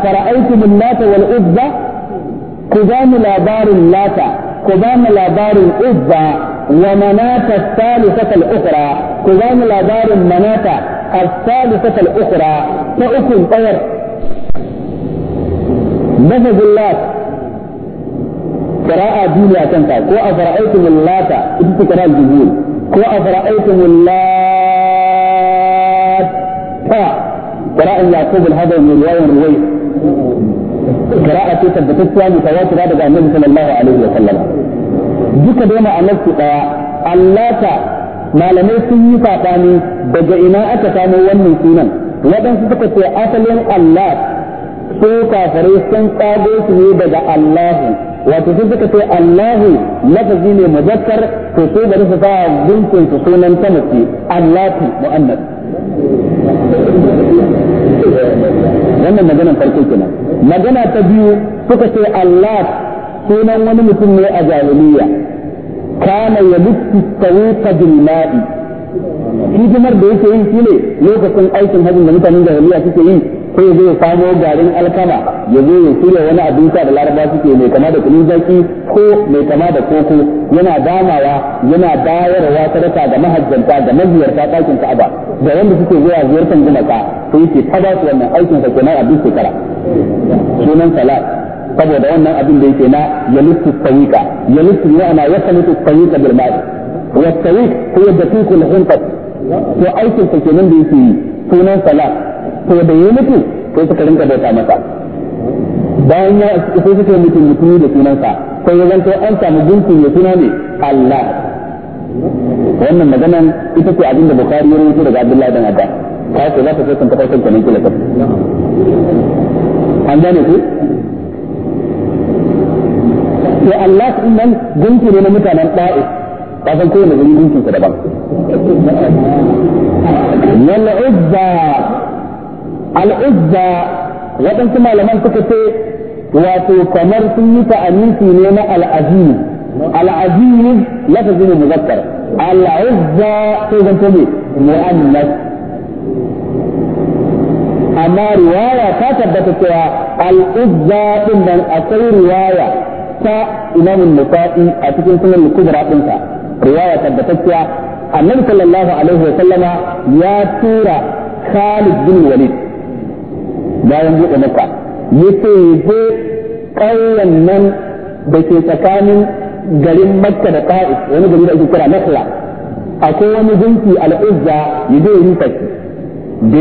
nata wal-uzza ku ba mu labarin lata ku ba mu labarin uzza wa manata salisata al-ukhra ku ba mu labarin manata as-salisata al-ukhra ta ukun tsayar لفظ اللات قراءة دنيا كنتا كو أفرأيتم اللات إذا قراءة الجبول كو أفرأيتم اللات قراءة يعقوب الهضم من رواية رويح qira'a ce tabbatacciya mutawatira daga annabi sallallahu alaihi wa sallam duka dai ma'anar su daya allata malamai sun yi sabani daga ina aka samo wannan sunan waɗansu suka ce asalin Allah su kafirai sun tsago su ne daga Allahu wato sun suka ce Allahu lafazi ne muzakkar to su bari su fara gunkin su sunan ta mace Allatu mu'annas wannan maganar farko kenan magana ta biyu suka ce Allah sunan wani mutum ne a jahiliya kana ya lutsi tawuka bil ma'i hidimar da yake yi shine lokacin aikin hajjin da mutanen jahiliya suke yi ko zai zo ya samo garin alkama ya zo ya shirya wani abin sha da laraba suke mai kama da kunu zaki ko mai kama da koko yana damawa yana bayarwa sadaka ga mahajjanta da maziyarta ɗakin ka'aba da wanda suke zuwa ziyartar gumaka to yake ta ba su wannan aikin sa kenan abin shekara sunan salat saboda wannan abin da yake na yalisu tawika yalisu ma'ana yasalisu tawika bil ma'i wa tawik huwa daqiqul hinqat to aikin sa kenan da yake sunan salat to da ya mutu sai suka rinka bauta masa bayan ya sai suka mutu mutu da sunansa ko ya zanto an samu gunkin ya suna ne Allah wannan maganan ita ce abin da Bukhari ya rubuta daga Abdullahi dan Abbas ka ce za ka so san kafarkan kenan kila ka an gane ku to Allah din nan gunki ne na mutanen Da'if ka san kowane gari gunkin sa daban yalla uzza al'izza waɗansu malaman suka ce wato kamar sun yi ta ta'anisi ne na al'aziz al'aziz lafazin muzakkar al'izza sai zanto ne mu'annas amma riwaya ta tabbata cewa al'izza din nan akwai riwaya ta imamin nufa'i a cikin sunan kubra ɗinsa riwaya tabbatacciya annabi sallallahu alaihi wa sallama ya tura Khalid bin Walid bayan buɗe maka yace yaje ƙauyen nan da ke tsakanin garin makka da ta'if wani gari da ake kira nasla akwai wani gunki al'uzza ya je yi da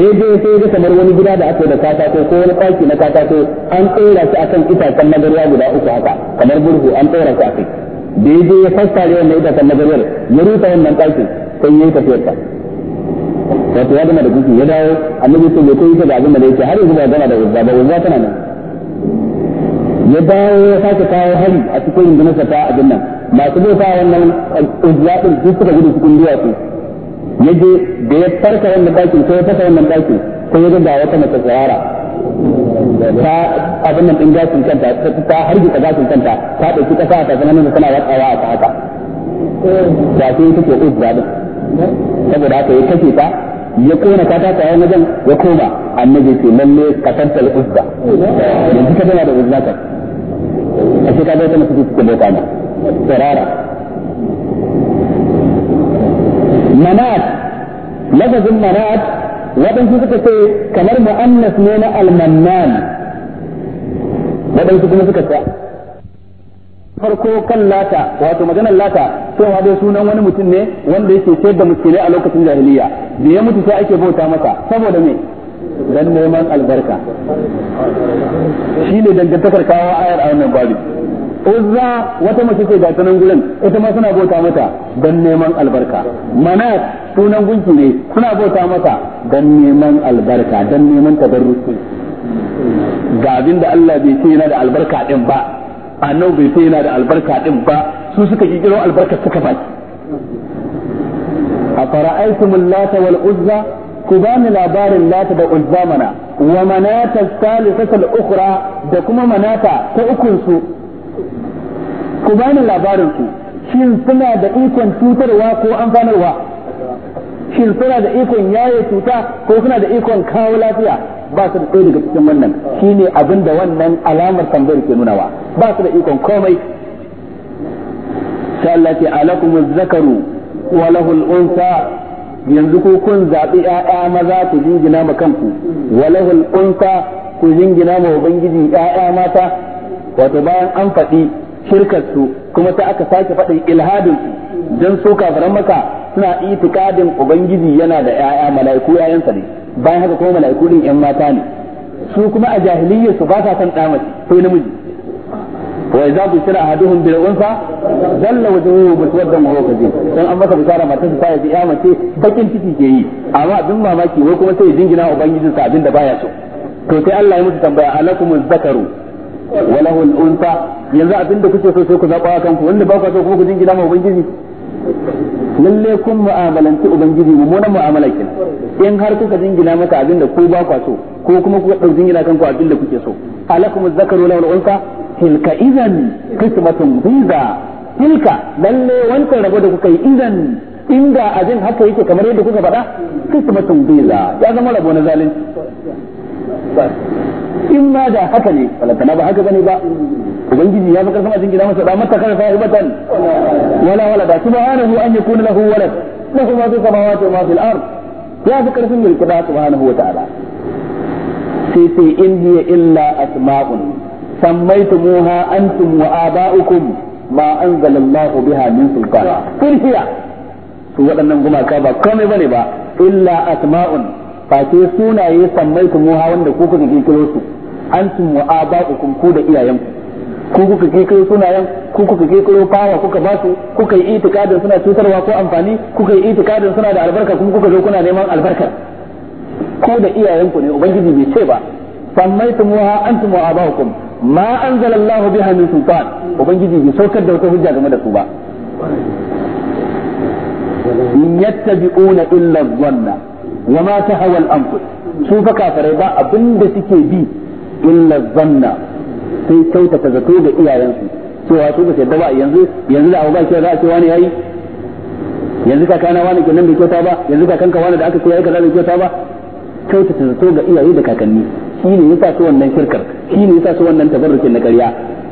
ya je sai ga kamar wani gida da aka da katako ko wani ɗaki na katako an tsora shi akan itacen magarya guda uku haka kamar burhu an tsora shi kai da ya je ya fassare wannan itacen magariyar ya rufe wannan ɗakin sai ya yi tafiyarsa wato ya gama da gunki ya dawo annabi sai ya koyi da abin da yake har yanzu ba gama da uzza ba uzza tana nan ya dawo ya sake kawo hari a cikin rundunarsa ta abin nan masu bauta wannan uzza din duk suka gudu cikin duwatsu ya je da ya farka wannan dakin ko ya fasa wannan dakin ko ya ga wata mace tsara ta abin nan din gashin kanta ta hargitsa gashin kanta ta ɗauki ƙasa a tafi nan tana watsawa a ta haka da sai take uzza din saboda haka ya kashe ta ya kona ta ta kayan wajen ya koma annabi ce lalle kasar tal uzza yanzu ka tana da uzza ka a shi ka zai tana cikin bauta ma tsirara manat lafazin manat waɗansu suka ce kamar mu'annas ne na almannan waɗansu kuma suka ce farko kan lata wato maganar lata kowa dai sunan wani mutum ne wanda yake sayar da miskinai a lokacin jahiliya da ya mutu sai ake bauta masa saboda me dan neman albarka shine dangantakar kawo ayar a wannan babu uzza wata mace ce ga ta nan gurin ita ma suna bauta mata dan neman albarka mana sunan gunki ne suna bauta mata dan neman albarka dan neman tabarruki ga abin da Allah bai ce yana da albarka din ba annabi bai ce yana da albarka din ba su suka kirkiro albarkar suka baki a fara'aitum lata wal uzza ku ba ni labarin lata da uzza mana wa manata salisata al ukhra da kuma manata ta ukun su ku ba ni labarin su shin suna da ikon cutarwa ko amfanarwa shin suna da ikon yaye cuta ko suna da ikon kawo lafiya ba su da ɗaya daga cikin wannan shine abin da wannan alamar tambayar ke nunawa ba su da ikon komai ta Allah ce alakumuz zakaru wa yanzu ku kun zaɓi ‘ya'ya maza ku jingina ma kanku walahul ku jingina ma ubangiji ‘ya'ya mata wato bayan an faɗi shirkarsu kuma ta aka sake faɗi ilhadinsu don su kafiran maka suna itikadin ubangiji yana da ‘ya'ya mala'iku ‘ya'yansa ne bayan haka kuma mala'iku ɗin ‘yan mata ne su kuma a jahiliyyarsu ba sa son ɗa mace namiji wa idza bushira ahaduhum ظل unsa dalla wajhuhu muswaddan wa huwa kadhib ما an masa bishara matar sa ya ji mace bakin ciki ke yi amma abin mamaki wai kuma sai ya jingina ubangijin sa abin da baya so to sai Allah ya musu tambaya alakumuz zakaru wa lahul yanzu abin kuke so ma lalle kun mu'amalanci ubangiji mummunan mu'amala kenan in har kuka jingina maka abin da ku ba ku so ko kuma ku dau jingina kanku abin kuke so alakumuz zakaru lahul unka tilka idan kismatun biza tilka lalle wancan rabo da kuka yi idan inda ajin haka yake kamar yadda kuka faɗa kismatun biza ya zama rabo na zalunci in ma da haka ne balantana ba haka bane ba ubangiji ya fi sama ajin gida masa da mata kana sahibatan wala wala da subhanahu an yakuna lahu walad lahu ma fi samawati wa ma fil ard ya fi karfin mulki da subhanahu wa ta'ala sai sai in hiya illa asma'un سميتموها أنتم وآباؤكم ما أنزل الله بها من سلطان قل هي su waɗannan gumaka ba كم يبنبا ba illa asma'un face sunaye sammai ku muha wanda ku kuka kirkiro su antum wa aba'ukum ku da iyayen ku kuka kirkiro sunayen kuka kuka ba su kuka yi itikadin suna cutarwa ko amfani kuka yi itikadin suna da albarka kuma kuka zo kuna neman albarkar ko da iyayen ku ne ubangiji bai ce ba sammai muha antum wa ma anzalallahu biha min sultan ubangiji bai saukar da wata hujja game da su ba in yattabi'una illa dhanna wa ma tahawa al-anfus su fa kafirai ba abinda suke bi illa dhanna sai kyautata zato da iyayensu cewa su ba yadda ba yanzu yanzu da abu ba shi wani yayi yanzu kakana wani kenan bai kyauta ba yanzu kakanka wani da aka ce yayi kaza bai kyauta ba ta zato ga iyaye da kakanni shi ne yasa su wannan shirkar shi ne yasa su wannan tabarrukin na ƙarya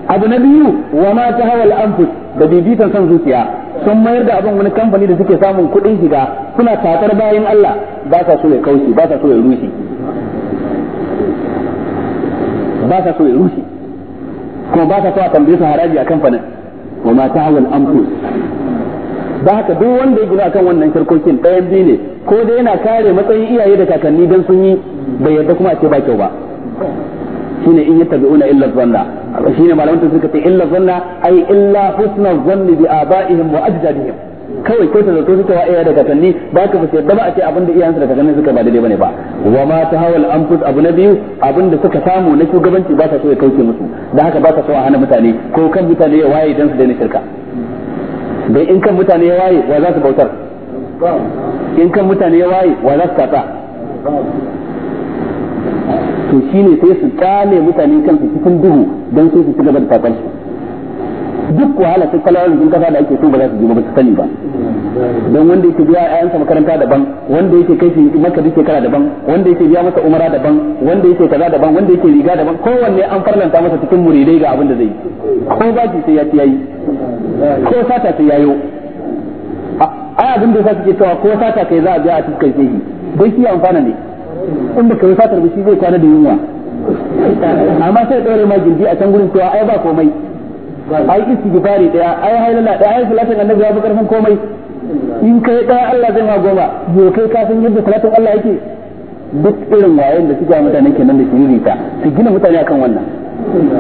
abu na biyu wa ma ta hawal anfus da bibitan son zuciya sun mayar da abin wani kamfani da suke samun kuɗin shiga suna tatar bayan Allah ba sa so ya kauce ba sa so ya rushe ba sa so ya rushe kuma ba sa so a tambaye su haraji a kamfanin wa ma ta hawal anfus da haka duk wanda ya gina akan wannan kirkokin ɗayan biyu ne ko dai yana kare matsayin iyaye da kakanni dan sun yi bai yarda kuma a ce ba kyau ba shine in yattabi'una illa zanna shine malaman ta suka ce illa zanna ai illa husna zanni bi abaihim wa ajdadihim kawai kyautar da suka wa iyaye da kakanni ba ka fice da ba a ce abin da iyayensu da kakanni suka ba daidai bane ba wa ma ta hawal anfus abu na biyu abin da suka samu na shugabanci ba ta so ya kauce musu da haka ba ta so a hana mutane ko kan mutane ya waye dan su daina shirka dai in kan mutane ya waye wa za su bautar in kan mutane ya waye wa za su katsa to shine sai su kyale mutane kansu cikin duhu don sai su ci gaba da tafansu duk wahala sai kwalayen jin kasa da ake so ba za su ji ba su sani ba don wanda yake biya ayansa makaranta daban wanda yake kai shi maka duk shekara daban wanda yake biya masa umara daban wanda yake kaza daban wanda yake riga daban kowanne an farlanta masa cikin muridai ga abin da zai ko baki sai ya ci yayi ko sata sai yayo ai abin da yasa suke cewa ko sata kai za a biya a cikin sai dai shi amfana ne in ba kai satar ba shi zai kwana da yunwa amma sai ɗaure ma gindi a can gurin cewa ai ba komai ai istighfari daya ai halala daya ai salatin annabi ya fi karfin komai in kai daya Allah zai ma goma yo kai ka san yadda salatin Allah yake duk irin wayen da suke mutane kenan da ta su gina mutane akan wannan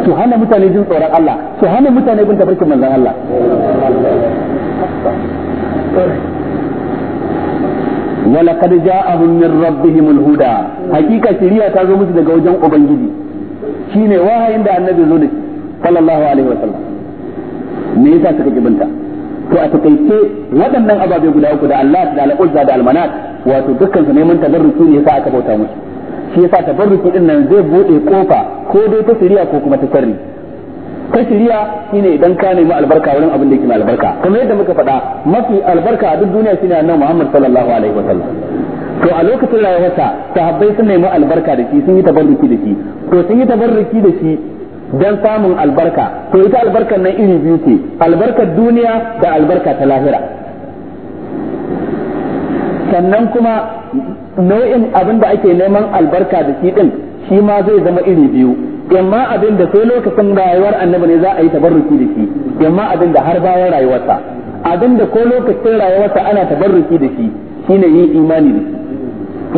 su hana mutane jin tsoron Allah su hana mutane bin tafarkin manzon Allah ولقد جاءهم من ربهم الهدى حقيقة شريعة تازو مسي daga wajen ubangiji shine wahayin da annabi zo da sallallahu alaihi wasallam me yasa suka ki binta to a takaice waɗannan ababe guda uku da Allah da al-Uzza da al-Manat wato dukkan su neman tabarruki ne yasa aka bauta musu shi yasa tabarruki din nan zai bude kofa ko dai ta ko kuma ta sirri ta shiriya shine idan ka nemi albarka wurin abin da yake albarka kamar yadda muka faɗa mafi albarka a duk duniya shine annabi Muhammad sallallahu alaihi wa sallam to a lokacin rayuwarsa sahabbai sun nemi albarka da shi sun yi tabarruki da shi to sun yi tabarruki da shi dan samun albarka to ita albarkar nan iri biyu ce albarkar duniya da albarka ta lahira sannan kuma nau'in abin da ake neman albarka da shi din shi ma zai zama iri biyu amma abin da sai lokacin rayuwar annabi ne za a yi tabarruki da shi amma abin da har bayan rayuwarsa abin da ko lokacin rayuwarsa ana tabarruki da shi shine yin imani da shi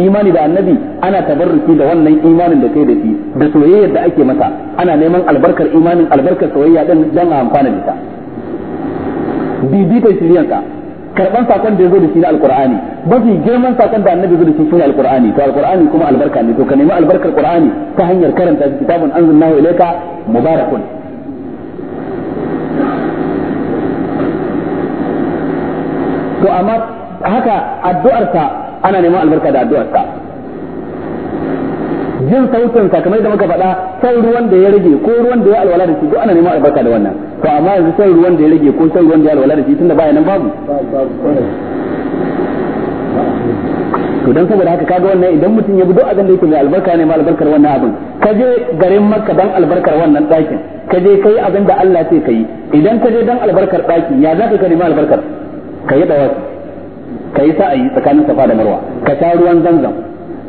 imani da annabi ana tabarruki da wannan imanin da kai da shi da soyayyar da ake masa ana neman albarkar imanin albarkar soyayya din dan a amfana da ita bibita shiriyanka karban sakon da ya zo da shi na alqur'ani mafi girman sakon da annabi zo da shi shine alqur'ani to alqur'ani kuma albarka ne to ka nemi albarkar qur'ani ta hanyar karanta kitabun anzalnahu ilayka mubarakun to amma haka addu'arka ana neman albarka da addu'ar sa jin sautin sa kamar da muka faɗa san ruwan da ya rage ko ruwan da ya alwala da shi duk ana neman albarka da wannan to amma yanzu san ruwan da ya rage ko san ruwan da ya alwala da shi tunda baya nan babu to dan saboda haka kaga wannan idan mutum ya bi duk abin da yake mai albarka ne ma albarkar wannan abin ka je garin makka dan albarkar wannan ɗakin ka je kai abin da Allah sai kai idan ka je dan albarkar ɗaki ya zaka ka nema albarkar ka yi dawaki ka yi sa'ayi tsakanin safa da marwa ka sha ruwan zamzam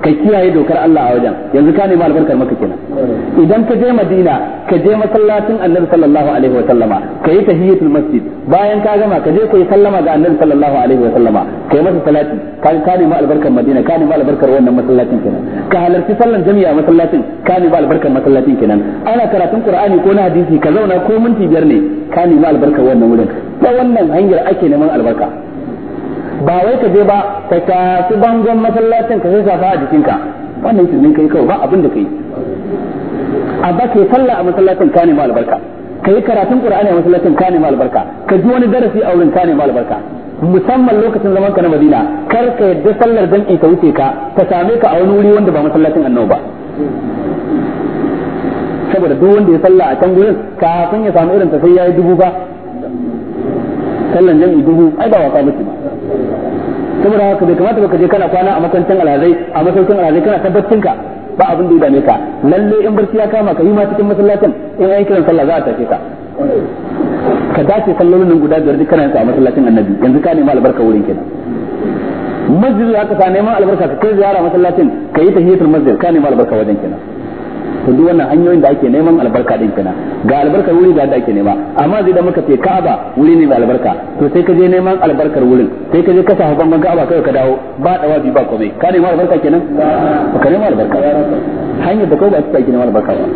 ka kiyaye dokar Allah a wajen yanzu ka nemi albarkar maka kenan idan ka je Madina ka je masallacin Annabi sallallahu alaihi wa sallama ka yi tahiyatul masjid bayan ka gama ka je ku yi sallama ga Annabi sallallahu alaihi wa sallama ka yi masa salati ka ka nemi albarkar Madina ka nemi albarkar wannan masallacin kenan ka halarci sallan jami'a masallacin ka nemi albarkar masallacin kenan ana karatun Qur'ani ko na hadisi ka zauna ko minti biyar ne ka nemi albarkar wannan wurin ta wannan hanyar ake neman albarka ba wai ka je ba ka tafi bangon masallacin ka sai safa a jikinka wannan shirmin kai kawai ba abin da kai abba ke sallah a masallacin ka ma albarka ka yi karatun qur'ani a masallacin ka ma albarka ka ji wani darasi a wurin ka ma albarka musamman lokacin zaman ka na Madina kar ka yadda sallar dan'i ka wuce ka ta same ka a wani wuri wanda ba masallacin annabi ba saboda duk wanda ya sallah a can gurin kafin ya samu irin ta sai yayi dubu ba sallan jami'i dubu ai ba wasa bace ba saboda haka bai kamata baka je kana kwana a makwancin alazai a masaukin alazai kana tabbacin ka ba abin da ya dame ka lalle in barci ya kama ka yi ma cikin masallacin in an kiran sallah za a tafi ka ka dace sallolin nan guda biyar dukkan su a masallacin annabi yanzu ka nema albarka wurin kenan masjid za ka sa neman albarka ka kai ziyara masallacin ka yi tahiyatul masjid ka nema albarka wajen kenan to duk wannan hanyoyin da ake neman albarka din kenan ga albarkar wuri ga da ake nema amma zai da muka ce Ka'aba wuri ne mai albarka to sai ka je neman albarkar wurin sai ka je ka sa bangon Ka'aba kai ka dawo ba wabi ba komai ka nema albarka kenan ka nema albarka hanyar da kai ba ta neman albarka ba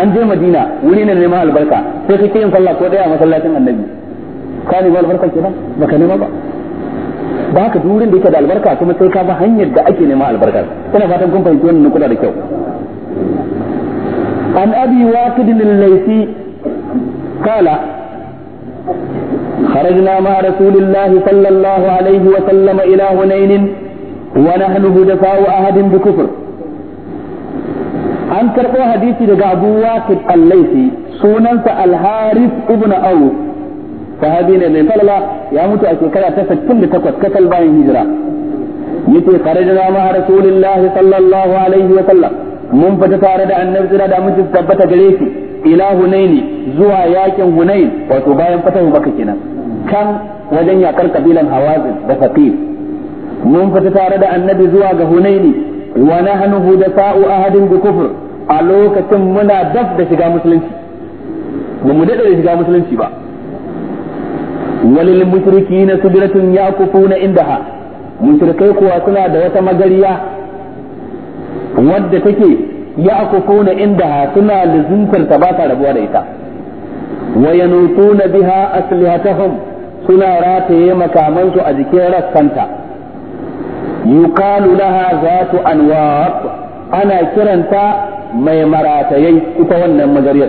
an je Madina wuri ne neman albarka sai ka yin sallah ko daya a masallacin Annabi ka nema albarka kenan baka nema ba ba ka durin wurin da yake da albarka kuma sai ka ba hanyar da ake neman albarka kana fatan kun fahimci wannan kula da kyau عن أبي واقد الليثي قال خرجنا مع رسول الله صلى الله عليه وسلم إلى هنين ونحن هدفاء أحد بكفر عن كرقو حديثي لقى أبو واقد الليثي سننس الحارث ابن او صحابينا اللي صلى الله يا موتى كلا تسد كل تقوت كسل باين هجرة يتي خرجنا مع رسول الله صلى الله عليه وسلم mun fita tare da annabi tsira da mun tabbata gare shi ila hunaini zuwa yakin hunain wato bayan fatahu maka kenan kan wajen yakar kabilan hawazin da faqir mun fita tare da annabi zuwa ga hunaini wa nahnu hudafa'u ahadin bi kufr a lokacin muna daf da shiga musulunci ba mu dade da shiga musulunci ba walil mushrikina sidratun yakufuna indaha mushrikai kuwa suna da wata magariya wadda take ya akufuna inda suna lazuntar ta ba ta rabuwa da ita wa yanutuna biha aslihatahum suna rataye makamansu a jikin rassanta yuqalu laha zatu anwar ana kiranta mai maratayai ita wannan magariyar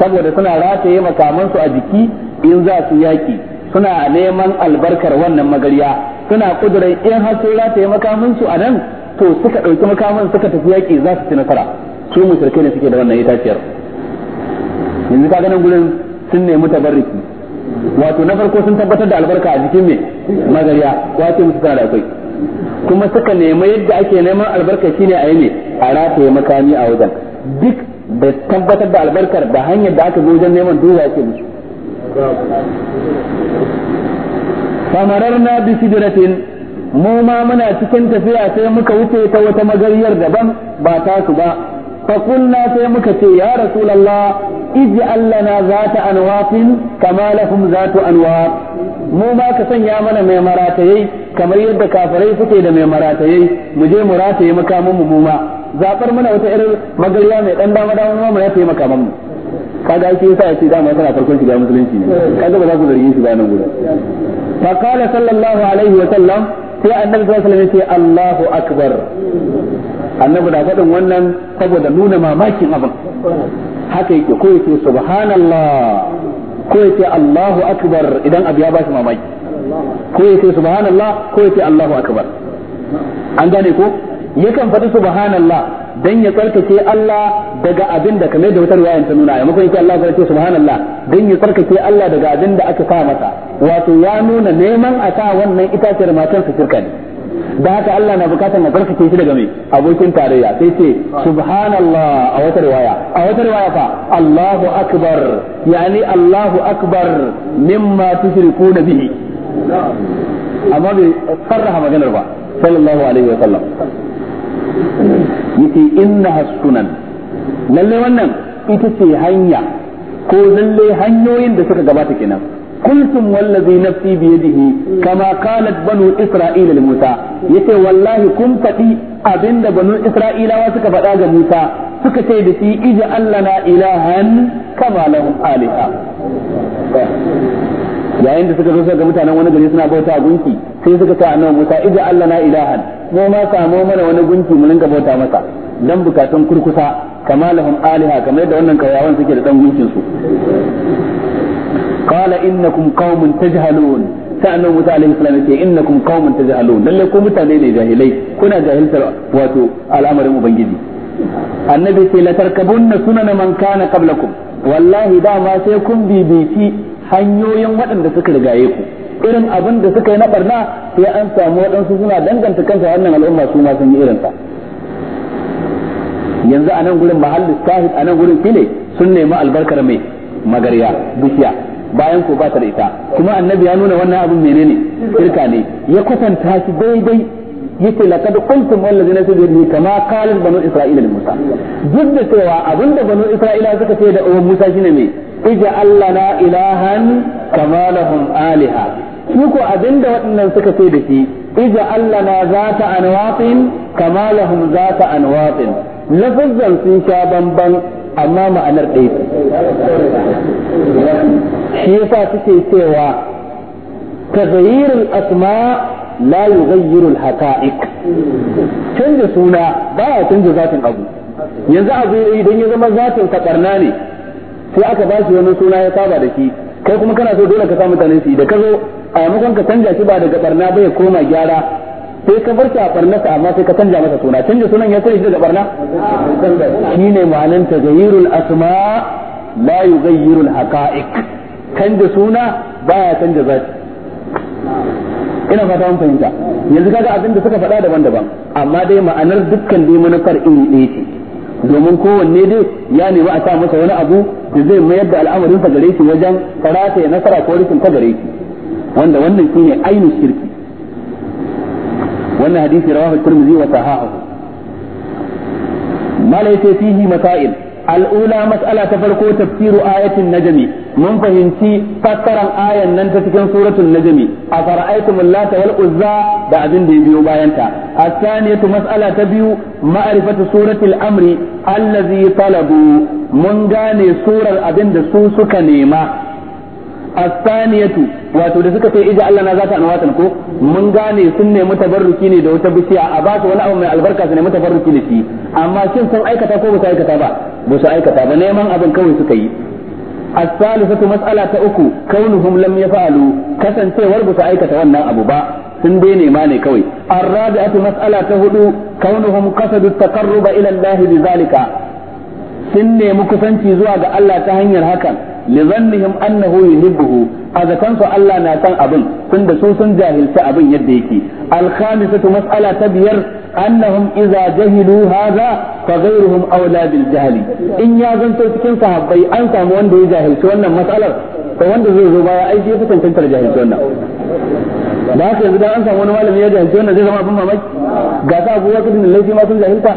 saboda suna rataye makamansu a jiki in za su yaki suna neman albarkar wannan magariya suna kudurai in har sun rataye makamansu a nan to suka ɗauki makaman suka tafi yaƙi za su ci nasara su mushrikai ne suke da wannan itaciyar yanzu ka ganin gurin sun nemi tabarriki wato na farko sun tabbatar da albarka a jikin me magariya wato musu tana da akwai kuma suka nema yadda ake neman albarka shine a yi ne a rataye makami a wajen duk da tabbatar da albarkar da hanyar da aka zo wajen neman duba ake musu famararna bi mu ma muna cikin tafiya sai muka wuce ta wata magariyar daban ba ta su ba fa kunna sai muka ce ya rasulullah ij'al allana zata anwafin kama lahum zatu anwa, mu ma ka sanya mana mai maratayai kamar yadda kafirai suke da mai maratayai mu je mu rataye makamin mu ma zabar mana wata irin magariya mai dan dama dama mu rataye makamin mu kaga shi yasa yace dama tana farkon shiga musulunci ne kaga ba za ku zargi shi ba nan gudu fa qala sallallahu alaihi wa sallam sai annabi sallallahu alaihi wasallam ya ce Allahu akbar annabi da faɗin wannan saboda nuna mamakin abin haka yake ko yace subhanallah ko yace Allahu akbar idan abu ya bashi mamaki ko yace subhanallah ko yace Allahu akbar an gane ko yakan faɗi subhanallah dan ya tsarkake Allah daga abin da kamar da wutar ta nuna ya maka yake Allah ya ce subhanallah dan ya tsarkake Allah daga abin da aka fa masa wato ya nuna neman a sa wannan itaciyar matan su shirka ne da haka Allah na bukatar na karkace shi daga mai abokin tarayya sai ce subhanallah a wata riwaya a wata riwaya fa Allahu akbar yani Allahu akbar mimma tushrikuna bihi amma bai sarraha maganar ba sallallahu alaihi wa sallam yace inna hasunan lalle wannan ita ce hanya ko lalle hanyoyin da suka gabata kenan kuntum wallazi nafsi bi yadihi kama qalat banu isra'ila musa yace wallahi kun faɗi abinda banu isra'ilawa suka faɗa ga musa suka ce da shi ija allana ilahan yayin da suka zo suka ga mutanen wani gari suna bauta gunki sai suka ce annabi Musa ija allana ilahan mu ma samu mana wani gunki mu rinka bauta masa dan bukatun kurkusa kama aliha kamar yadda wannan kauyawan suke da dan gunkin su qala innakum qaumun tajhalun sa'annan Musa alaihi salam yace innakum qaumun tajhalun lalle ku mutane ne jahilai kuna jahiltar wato al'amarin ubangiji annabi sai la tarkabunna sunana man kana qablakum wallahi dama sai kun bibici hanyoyin waɗanda suka rigaye ku irin abin da suka yi na barna sai an samu waɗansu suna danganta kansa wannan al'umma su ma sun yi irinsa yanzu a nan gurin mahallu sahid a nan gurin file sun nemi albarkar mai magarya bishiya bayan ko ba ta da ita kuma annabi ya nuna wannan abin menene shirka ne ya kwatanta shi daidai yace laqad qultum wallazina tadri kama qala banu isra'ila li musa duk da cewa abinda banu isra'ila suka ce da uwan musa shine me ija allana ilahan kama lahum aliha su ko abinda waɗannan suka ce da shi ija allana zata anwatin kama lahum zata anwatin lafazan sun sha bamban amma ma'anar ɗaya shi yasa suke cewa asma la لا يغير الحقائق canza suna baya canza zatin abu yanzu abu idan ya zama zatin ka ne sai aka ba shi wani suna ya saba da shi kai kuma kana so dole ka sa mutane su da ka zo a maimakon ka canja shi ba daga barna ba ya koma gyara sai ka bar shi a barnasa amma sai ka canja masa suna canja sunan ya kure shi daga barna ne ma'anan tagayyurul asma la yughayyirul haqa'iq canja suna baya canja zati ina fata mun fahimta yanzu kaga abin da suka faɗa daban-daban amma dai ma'anar dukkan dai manufar iri ɗaya ce domin kowanne dai ya nemi a sa masa wani abu da zai mayar da al'amarin gare shi wajen farata ya nasara ko rikin ta gare shi wanda wannan shine ainihin shirki wannan hadisi rawahu tirmidhi wa sahahahu mala fihi masail al'ula mas'ala ta farko tafsiru ayatin najmi mun fahimci fassaran ayan nan ta cikin suratul najmi a fara'aytumul lata wal uzza da abin da ya biyo bayanta asaniyatu mas'ala ta biyu ma'rifatu suratul amri allazi talabu mun gane surar abin da su suka nema asaniyatu wato da suka ce ija Allah na zata anwatan ko mun gane sun nemi tabarruki ne da wata bishiya a ba su wani abu mai albarka su nemi tabarruki da shi amma shin sun aikata ko ba su aikata ba ba su aikata ba neman abin kawai suka yi as mas'ala ta uku kaunuhum lam yaf'alu kasancewar ba su aikata wannan abu ba sun dai nema ne kawai ar mas'ala ta hudu kaunuhum qasadu at-taqarruba ila Allah bi zalika sun nemi kusanci zuwa ga Allah ta hanyar hakan li zannihim annahu a azakan su Allah na san abin tunda su sun jahilci abin yadda yake al khamisatu mas'ala ta biyar annahum idza jahilu hadha fa ghayruhum in ya zanto cikin sahabbai an samu wanda ya jahilci wannan mas'alar to wanda zai zo baya ai ya fi jahilci wannan da haka yanzu dan an samu wani malami ya jahilci wannan zai zama abin mamaki ga ta abubuwa kudin laifi ma sun jahilta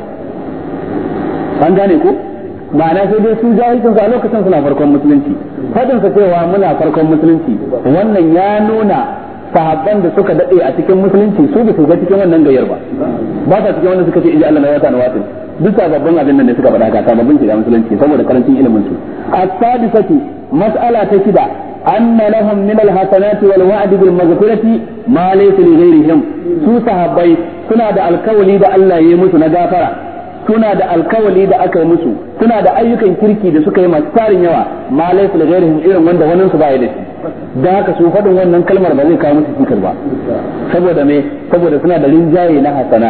an gane ko ma'ana sai dai su jahilcin a lokacin suna farkon musulunci fadin sa cewa muna farkon musulunci wannan ya nuna sahabban da suka dade a cikin musulunci su ba su ga cikin wannan gayyar ba ba sa cikin wannan suka ce inji Allah na wata na wata duk sababbin abin nan da suka faɗa ka sababbin shiga musulunci saboda karancin ilimin su as-sadisatu mas'ala ta shida anna lahum min al-hasanati wal wa'd bil maghfirati ma laysa li ghayrihim su sahabbai suna da alkawali da Allah ya yi musu na gafara suna da alkawali da aka yi musu suna da ayyukan kirki da suka yi masu tarin yawa ma laysa li ghairihim irin wanda wannan su baya da shi Da haka su faɗin wannan kalmar ba zai kawo musu cikar ba saboda me saboda suna da rinjaye na hasana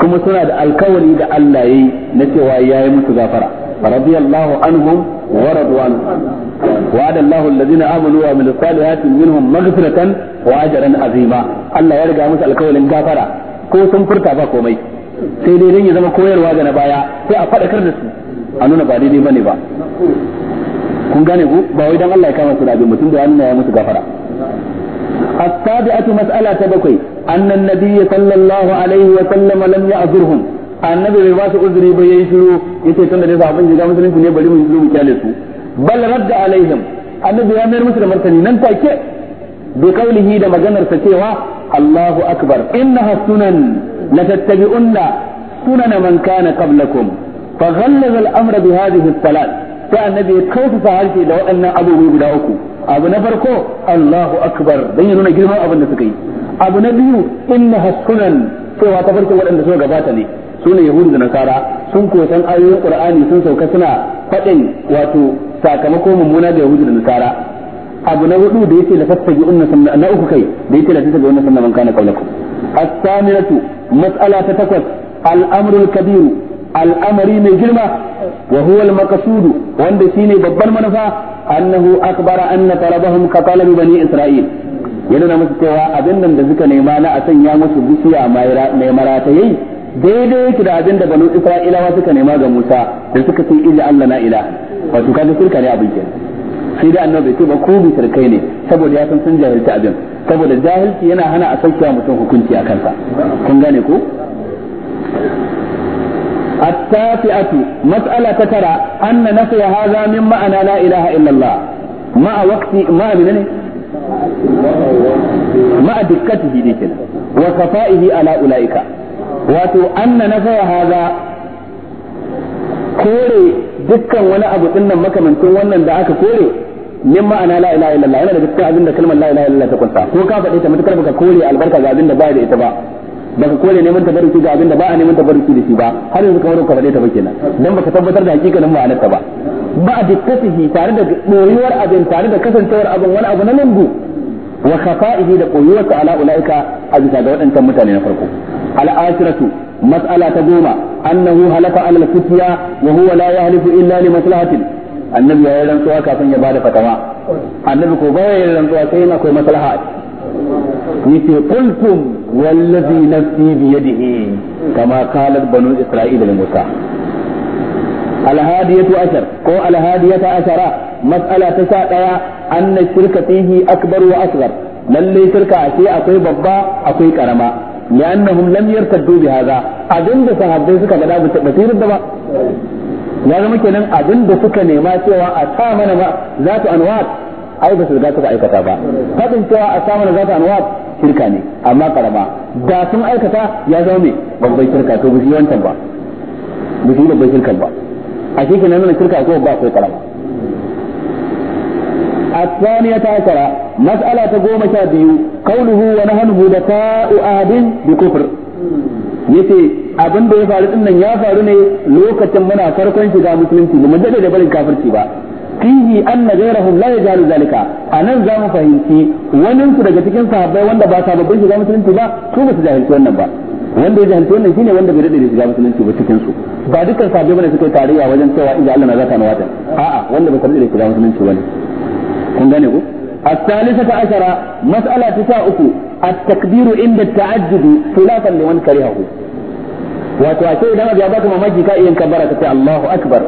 kuma suna da alkawali da Allah yayi na cewa yayi musu gafara radiyallahu anhum wa radwan وعد الله الذين امنوا وعملوا الصالحات منهم مغفرة azima allah ya riga مثل القول غفرا ko sun furta ba komai sai dai dan ya zama koyarwa ga na baya sai a faɗakar da su a nuna ba daidai bane ba kun gane ku ba wai dan Allah ya kama su da mutum da ya nuna ya musu gafara السابعة مسألة بقي أن النبي sallallahu alaihi wa sallam lam ya'zurhum annabi bai ba su uzuri ba yayi shiru yace tunda dai sabon jiga musulunci ne bari mu zo mu kyale su bal radda alaihim annabi ya mayar musu da martani nan take bi qawlihi da maganar sa cewa Allahu akbar innaha sunan Na unna لتتبعن سنن من كان قبلكم فغلظ الأمر بهذه الثلاث فالنبي كوف da waɗannan أن guda uku abu na farko Allahu akbar dan ya nuna girma abin da suka yi abu na biyu inna hasunan cewa ta farko waɗanda suka gabata ne su ne yahudu da nasara sun kosan ayoyin qur'ani sun sauka suna faɗin wato sakamakon mummuna da yahudu da nasara abu na hudu da yake la tattabi unna na uku kai da yake la tattabi unna sunna man kana qablakum as-samiratu mas'ala ta takwas al-amru al-kabir al-amri mai girma wa huwa al-maqsud wanda shine babban manufa annahu akbara anna talabahum ka talabi bani isra'il yana na musu cewa abin nan da suka nema na a sanya musu bishiya mai maratayi daidai yake da abin da banu isra'ilawa suka nema ga Musa da suka ce illa Allah na ila wato kaga shirka ne abin kenan sai da annabi bai ce ba ko bi sarkai ne saboda ya san sun jahilci abin saboda jahilci yana hana a sauke mutum hukunci a kansa kun gane ko at-tafi'atu mas'ala ta tara anna nafya hadha min ma'ana la ilaha illa ma'a waqti ma'a min ne ma'a dikkatihi dikin wa safa'ihi ala ulaika wato anna nafya hadha kore dukkan wani abu din nan wannan da aka kore min ma'ana la ilaha illallah yana da cikin abin da kalmar la ilaha illallah ta kunsa ko ka faɗe ta matukar baka kore albarka ga abin da ba da ita ba baka kore neman tabarruki ga abin da ba a neman tabarruki da shi ba har yanzu kamar ka faɗe ta ba kenan dan baka tabbatar da hakikanin ma'anar ta ba ba a dikkatihi tare da ɗorewar abin tare da kasancewar abin wani abu na lungu wa khafa'ihi da koyuwarsa ala ulaika a bisa ga waɗancan mutane na farko al'ashiratu mas'ala ta goma annahu halaka ala al-fitya wa huwa la yahlifu illa li maslahatin annabi ya yi rantsuwa kafin ya bada fatawa annabi ko baya yin rantsuwa sai yana akwai maslaha yace qultum wallazi nafsi bi yadihi kama qalat banu isra'ila li musa alhadiyatu ashar ko alhadiyatu ashara mas'ala ta sa daya anna shirka fihi akbar wa asghar lalle shirka ashe akwai babba akwai karama لأنهم لم abinda بهذا أدن صحابي سكا قد أبو da ba. ya zama kenan abin da suka nema cewa a sa mana ma zatu anwat ai ba su riga suka aikata ba fadin cewa a sa mana zatu anwat shirka ne amma karama da sun aikata ya zama me babban shirka to bisi wancan ba bisi babban shirka ba a shi kenan nan shirka ko ba sai karama الثانية عشرة مسألة قوم شابيو قوله ونحن هدفاء آد بكفر yace abin da ya faru din nan ya faru ne lokacin muna farkon shiga musulunci ba mu dade da barin kafirci ba fihi anna ghayrahum la yajalu zalika anan za mu fahimci wani su daga cikin sahabbai wanda ba sababbin shiga musulunci ba su ba su jahilci wannan ba wanda ya jahilci wannan shine wanda bai dade shiga musulunci ba cikin su ba dukkan sahabbai bane suka yi tarayya wajen cewa inda Allah na zata na wata a'a wanda ba su dade da shiga musulunci bane kun gane ko الثالثة عشرة مسألة تساؤك التكبير عند التعجب خلافا لمن كرهه wato a ce idan abu ya baka mamaki ka iya kabbara ka ce Allahu akbar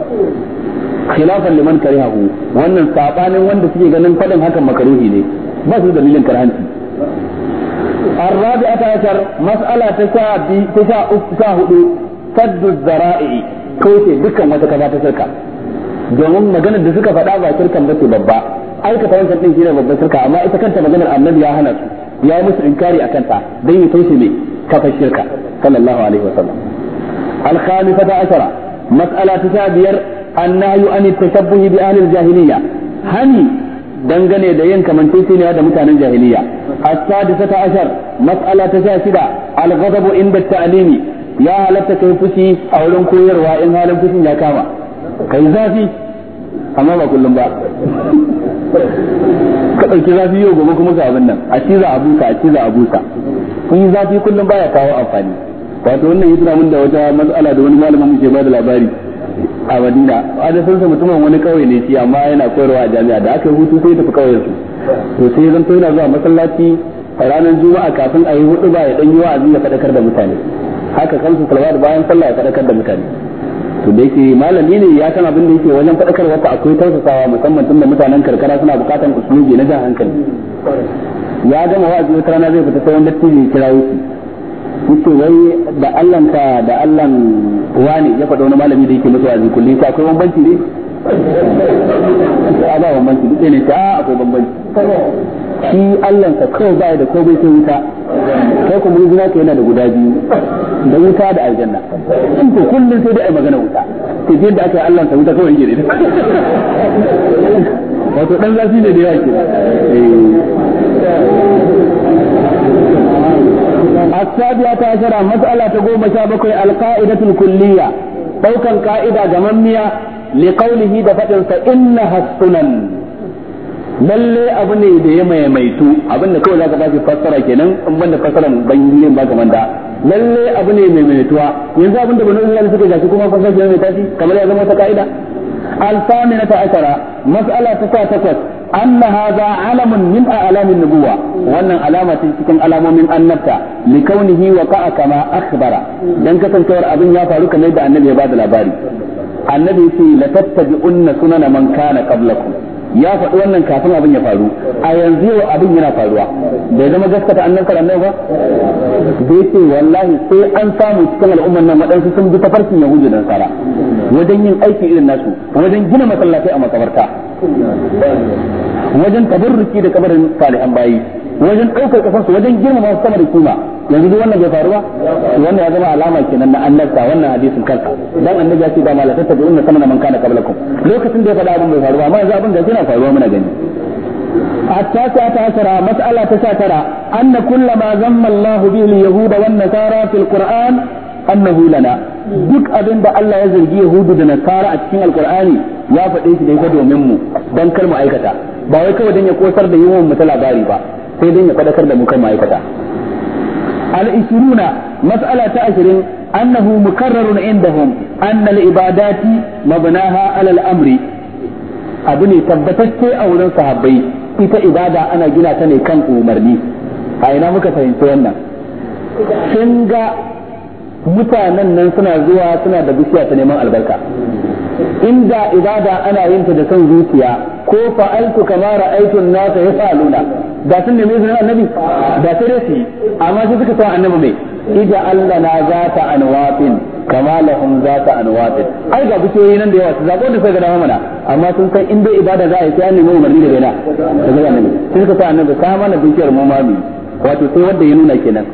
khilafan liman karihahu wannan sabanin wanda suke ganin fadin hakan makaruhi ne ba su dalilin karhanci الرابعة عشر مسألة تسعة تسعة تسعة سد الذرائع كوتي دكا وتكذا shirka domin maganar da suka faɗa ba shirkan bace babba aikata wancan din shine babban shirka amma ita kanta maganar annabi ya hana su ya yi musu inkari akan ta dan ya toshe ne kafa shirka sallallahu alaihi wasallam الخامسة عشرة مسألة تسابير النهي عن التشبه بأهل الجاهلية هني dangane da yin kamanceceniya da mutanen jahiliya as-sadisa ta ashar mas'ala ta sha shida al-ghadabu inda ta'limi ya halatta kai fushi a wurin koyarwa in halin fushin ya kama kai zafi amma ba kullum ba ka ɗauki zafi yau gobe kuma ka nan a ci a busa a ci a busa kun zafi kullum baya kawo amfani wato wannan ya tura da wata matsala da wani malamin muke ba da labari a Madina adasan sun mutumin wani kauye ne shi amma yana koyarwa a jami'a da aka yi hutu sai tafi kauyen su to sai zan tona zuwa masallaci a ranar juma'a kafin a yi hudu ba ya dan yi wa'azi ya fadakar da mutane haka kansu da bayan sallah ya fadakar da mutane to da yake malami ne ya san abin da yake wajen fadakar wata akwai tausasawa musamman tunda mutanen karkara suna bukatan usulubi na jan hankali ya gama wa'azi wata rana zai fita sai wanda dattijo kira wuce yace wai da Allah ka da Allah wani ya faɗa wani malami da yake musu wazi kulle ta akwai bambanci ne a ba bambanci duk ne ta akwai bambanci shi Allah ka kawai bai da komai sai wuta kai kuma mun zina ka yana da guda biyu da wuta da aljanna in ko kullum sai dai ai magana wuta to yadda aka yi Allah ka wuta kawai yake ne wato dan zafi ne da yawa ke ta السابعة ta goma sha bakwai القاعدة kulliya ɗaukan ka'ida ga mammiya li qaulihi da fadinsa inna hasunan lalle abu ne da ya maimaitu abin da kawai zaka baki fassara kenan in banda fassaran yi ba kaman da lalle abu ne mai maimaituwa yanzu abin da banu Isra'ila suka gashi kuma fassara ne mai tashi kamar ya zama ta ka'ida alfaminata ashara mas'ala ta takwas an hadha alamun min alamin nubuwa wannan alama ce cikin alamomin annabta li kaunihi wa qa'a kama akhbara dan kasancewar abin ya faru kamar da annabi ya da labari annabi yace la tattabi'unna sunana na kana ku. ya faɗi wannan kafin abin ya faru a yanzu yau abin yana faruwa bai zama gaskata annan nan ba bai ce wallahi sai an samu cikin al'ummar nan waɗansu sun bi tafarkin yahudu da nasara wajen yin aiki irin nasu wajen gina masallatai a makabarta wajen tabarruki da kabarin salihan bayi wajen ɗaukar su wajen girmama masu sama da kima yanzu duk wannan bai faru ba wannan ya zama alama kenan na annabta wannan hadisin kansa dan annabi ya ce ba malaka ta gurin sama man kana qablakum lokacin da ya faɗa abin bai faru ba amma yanzu abin da yana faruwa muna gani التاسعة عشرة مسألة تسعة أن كل ما ذم الله به اليهود والنصارى في القرآن أنه لنا duk abin da Allah ya zargi Yahudu da Nasara a cikin Alkur'ani ya faɗe shi da ya domin mu don kar mu aikata ba wai kawai dan ya kosar da yawan mu ta labari ba sai dan ya fadakar da mu ma'aikata al-ishruna mas'ala ta ashirin, annahu mukarrarun inda anna al-ibadati mabnaha ala al-amri abu ne tabbatacce a wurin sahabbai ita ibada ana gina ta ne kan umarni a ina muka fahimci wannan sun ga mutanen nan suna zuwa suna da bishiya ta neman albarka inda ibada ana yin ta da san zuciya ko fa'altu kama ra'aytu an-nasa yaf'aluna da sun nemi izinin annabi da sai su amma sai suka san annabi mai ija allana zata anwatin kama lahum zata anwatin ai ga yi nan da yawa su zabo da sai ga dama mana amma sun san inda ibada za a yi sai an nemi umarni daga ina daga annabi sai suka san annabi ka mana dukiyar mu mami wato sai wanda ya nuna kenan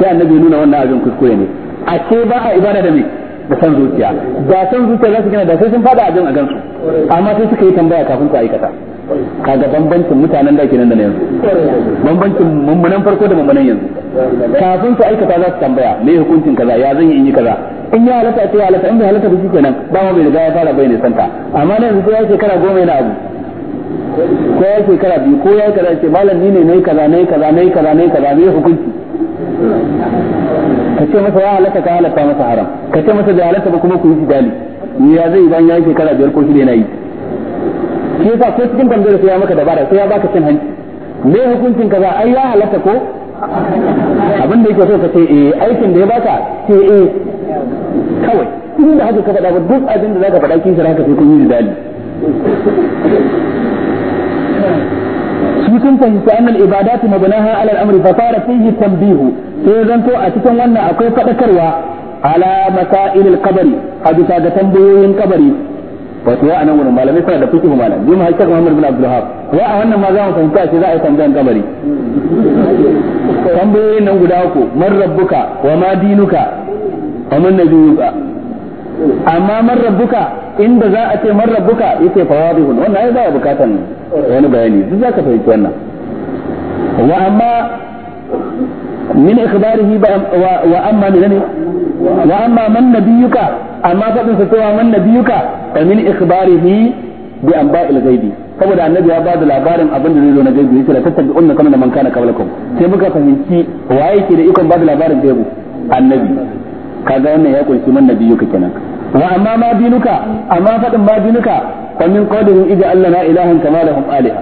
sai annabi ya nuna wannan abin kuskure ne a ce ba a ibada da mai da san zuciya da san zuciya za su gina da sai sun fada abin a gansu amma sai suka yi tambaya kafin su aikata kaga bambancin mutanen da ke nan da yanzu bambancin mummunan farko da mummunan yanzu kafin su aikata za su tambaya me hukuncin kaza ya zan yi in yi kaza in ya halatta ce ya halatta in bai halatta ba kenan ba mu bai riga ya fara bayyana santa amma ne yanzu ya shekara goma yana abu ko ya shekara biyu ko ya kaza ce malam ni ne nayi kaza nayi kaza nayi kaza nayi kaza me hukunci ka ce masa ya halatta ka halatta masa haram ka ce masa da halatta ba kuma ku yi ni ya zai ya yi shekara biyar ko shida yana yi shi yasa ko cikin tambayar sai ya maka dabara sai ya baka cin hanci me hukuncin kaza ai ya halatta ko abin da yake so ka ce eh aikin da ya baka ce eh kawai tun da haka ka faɗa ba duk abin da zaka faɗa kin haka sai kun yi jidali shi kun fahimci annal ibadatu mabnaha ala al-amri fa fara fihi tanbihu sai zan to a cikin wannan akwai faɗakarwa ala masailil kabari a bisa da tambayoyin kabari wato wa anan wurin malamai suna da fiqh malam bi mu hakka Muhammad bin Abdul Wahab wa a wannan ma za mu fahimta shi za a yi tambayan kabari tambayoyin nan guda uku man rabbuka wa ma dinuka wa man nabiyuka amma man rabbuka inda za a ce man rabbuka yake fawadihun wannan ai za a bukatan wani bayani duk za ka fahimci wannan wa amma min ikhbarihi wa amma min wa amma man nabiyuka amma fadin sa cewa man nabiyuka fa min ikhbarihi bi anba'il ghaibi saboda annabi ya bada labarin abin da zai zo na gaibi yace la tattabi'unna kama da man kana qablakum sai muka fahimci waye ke da ikon bada labarin gaibi annabi kaga wannan ya kunshi man nabiyuka kenan wa amma ma dinuka amma fadin ma dinuka fa min qawlihi allah na ilahan kama lahum aliha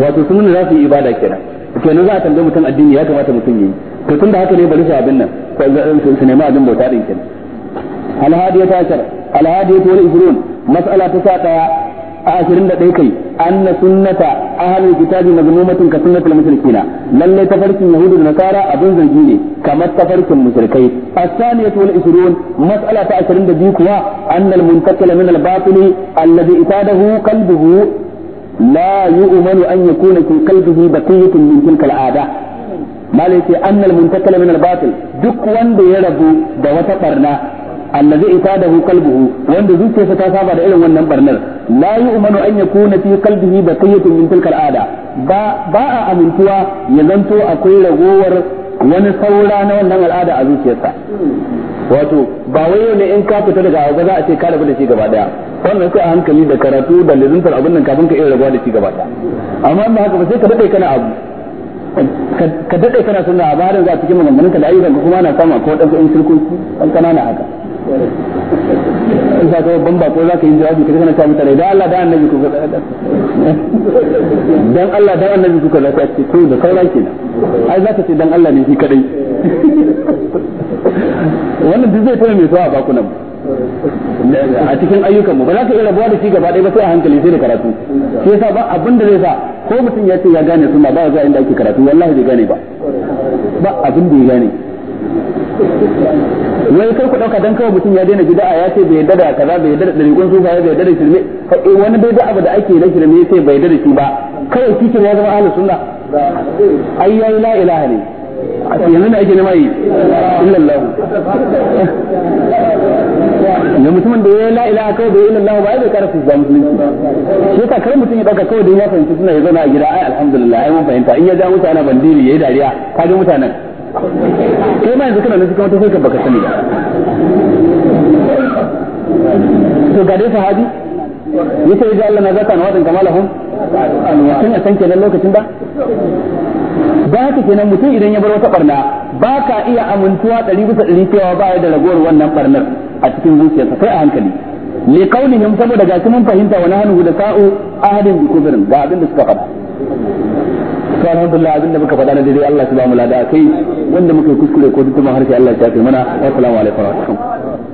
wato sun za su yi ibada kenan kenan za a tambaye mutum addini ya kamata mutum yi to tun da haka ne bari su abin nan su nemi abin bauta din kenan alhadiya ta ashar alhadiya ta wani isrun mas'ala ta sa daya a ashirin da ɗaya kai anna sunnata ahlul kitabi mazmumatun ka sunnatul mushrikina lallai tafarkin yahudu da nasara abin zargi ne kamar tafarkin a mushrikai الثانية والعشرون مسألة عشرين دبيكوا أن المنتقل من الباطل الذي إتاده قلبه la yu'manu an yakuna fi qalbihi baqiyatun min tilka al'ada malai ce annal muntakala min al-batil duk wanda ya rabu da wata barna allazi itadahu buhu wanda zuciyarsa ta saba da irin wannan barnar la yu'manu an yakuna fi qalbihi baqiyatun min tilka al'ada ba ba a amintuwa ya zanto akwai ragowar wani saura na wannan al'ada a zuciyarsa wato ba wai yau ne in ka fita daga waje za a ce ka rabu da shi gaba daya wannan sai a hankali da karatu da lizintar abin nan kafin ka iya rabuwa da shi gaba daya amma ba haka ba sai ka dade kana abu ka dade kana sunna a har za a cikin maganganun ka da ayyukan ka kuma na samu ko dan in shirkoki dan kanana haka in ka ga babban ko za ka yi jawabi ka kana ta mutane da Allah da annabi ku ga dan Allah da annabi ku ga ta ce ko da saura kenan ai za ka ce dan Allah ne shi kadai wannan duk zai fara mai zuwa bakunan a cikin ayyukan mu ba za ka iya rabuwa da shi gaba ɗaya ba sai a hankali sai da karatu shi yasa ba abin da zai sa ko mutum ya ce ya gane suna ba zuwa inda ake karatu wallahi bai gane ba ba abin da ya gane wai kai ku dauka dan kawai mutum ya daina bid'a ya ce bai yadda da kaza bai yadda da dariƙun sufa bai yadda da shirme eh, wani bai da abu da ake na shirme sai bai yadda da shi ba kawai kike ya zama ahlus sunna ai yayi la ilaha illallah a yanzu da ake nema yi illallahu ga mutumin da ya la ilaha kawai bai illallahu ba ya bai karasu ba musulunci shi ka kar mutum ya dauka kawai don ya fahimci suna ya zauna a gida ai alhamdulillah ai mun fahimta in ya ja mutane bandiri yayi dariya ka ji mutanen kai ma yanzu kana nan cikin wata hulka baka sani ba to ga dai sahabi yace ya Allah na zata na wadin kamalahum tun san kenan lokacin ba ba haka kenan mutum idan ya bar wata barna ba ka iya amintuwa ɗari bisa ɗari cewa ba ya da ragowar wannan barnar a cikin zuciyarsa kai a hankali ne kaunin yin saboda ga mun fahimta wani hannu da sa'o ahadin bi kubrin ga abin da suka faɗa to alhamdulillah abin da muka faɗa na daidai Allah subhanahu wa ta'ala kai wanda muka kuskure ko duk mun harshe Allah ya tafi mana assalamu alaikum wa rahmatullahi